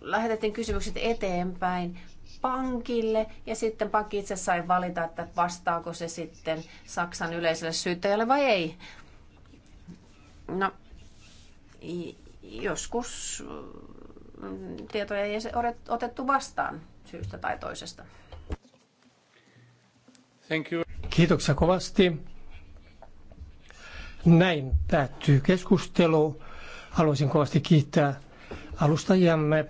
lähetettiin kysymykset eteenpäin pankille ja sitten pankki itse sai valita, että vastaako se sitten Saksan yleiselle syyttäjälle vai ei. No, joskus mm, tietoja ei ole otettu vastaan syystä tai toisesta.
Thank you. Kiitoksia kovasti. Näin päättyy keskustelu. Haluaisin kovasti kiittää alustajamme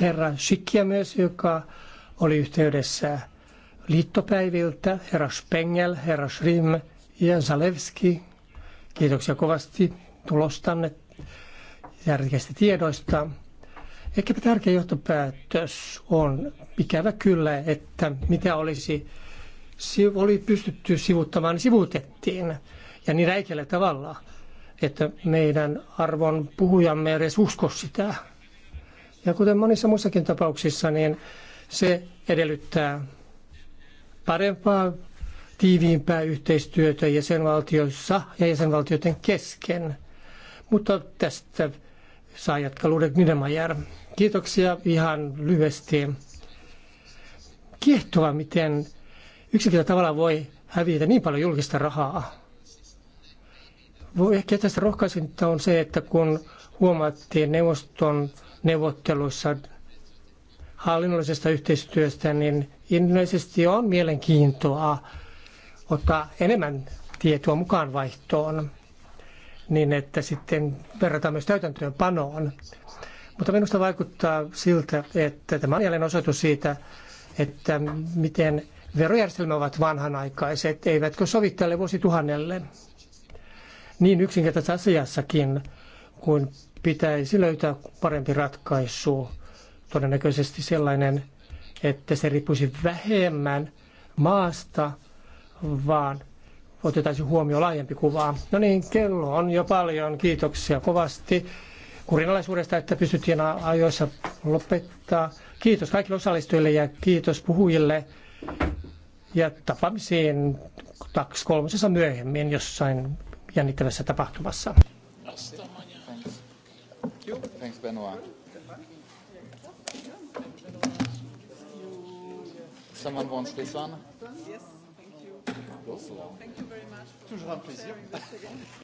herra Schickia myös, joka oli yhteydessä liittopäiviltä, herra Spengel, herra Schrim ja Zalewski. Kiitoksia kovasti tulostanne tärkeistä tiedoista. Ehkäpä tärkeä johtopäätös on ikävä kyllä, että mitä olisi oli pystytty sivuttamaan, sivutettiin. Ja niin räikeällä tavalla, että meidän arvon puhujamme edes usko sitä. Ja kuten monissa muissakin tapauksissa, niin se edellyttää parempaa, tiiviimpää yhteistyötä jäsenvaltioissa ja jäsenvaltioiden kesken. Mutta tästä saa jatkaa Ludek Niedermayer. Kiitoksia ihan lyhyesti. Kiehtova, miten yksikin tavalla voi hävitä niin paljon julkista rahaa. Voi ehkä tästä rohkaisinta on se, että kun huomattiin neuvoston neuvotteluissa hallinnollisesta yhteistyöstä, niin ilmeisesti on mielenkiintoa ottaa enemmän tietoa mukaan vaihtoon, niin että sitten verrataan myös täytäntöönpanoon. Mutta minusta vaikuttaa siltä, että tämä on jälleen osoitus siitä, että miten verojärjestelmät ovat vanhanaikaiset, eivätkö sovi tälle vuosituhannelle. Niin yksinkertaisessa asiassakin, kuin pitäisi löytää parempi ratkaisu todennäköisesti sellainen, että se riippuisi vähemmän maasta, vaan otetaan huomioon laajempi kuva. No niin, kello on jo paljon. Kiitoksia kovasti kurinalaisuudesta, että pystyttiin ajoissa lopettaa. Kiitos kaikille osallistujille ja kiitos puhujille. Ja tapaamisiin kaksi kolmosessa myöhemmin jossain jännittävässä tapahtumassa.
Thanks, Benoit.
someone wants this one? Yes, thank you. Thank you very much. Toujours un plaisir.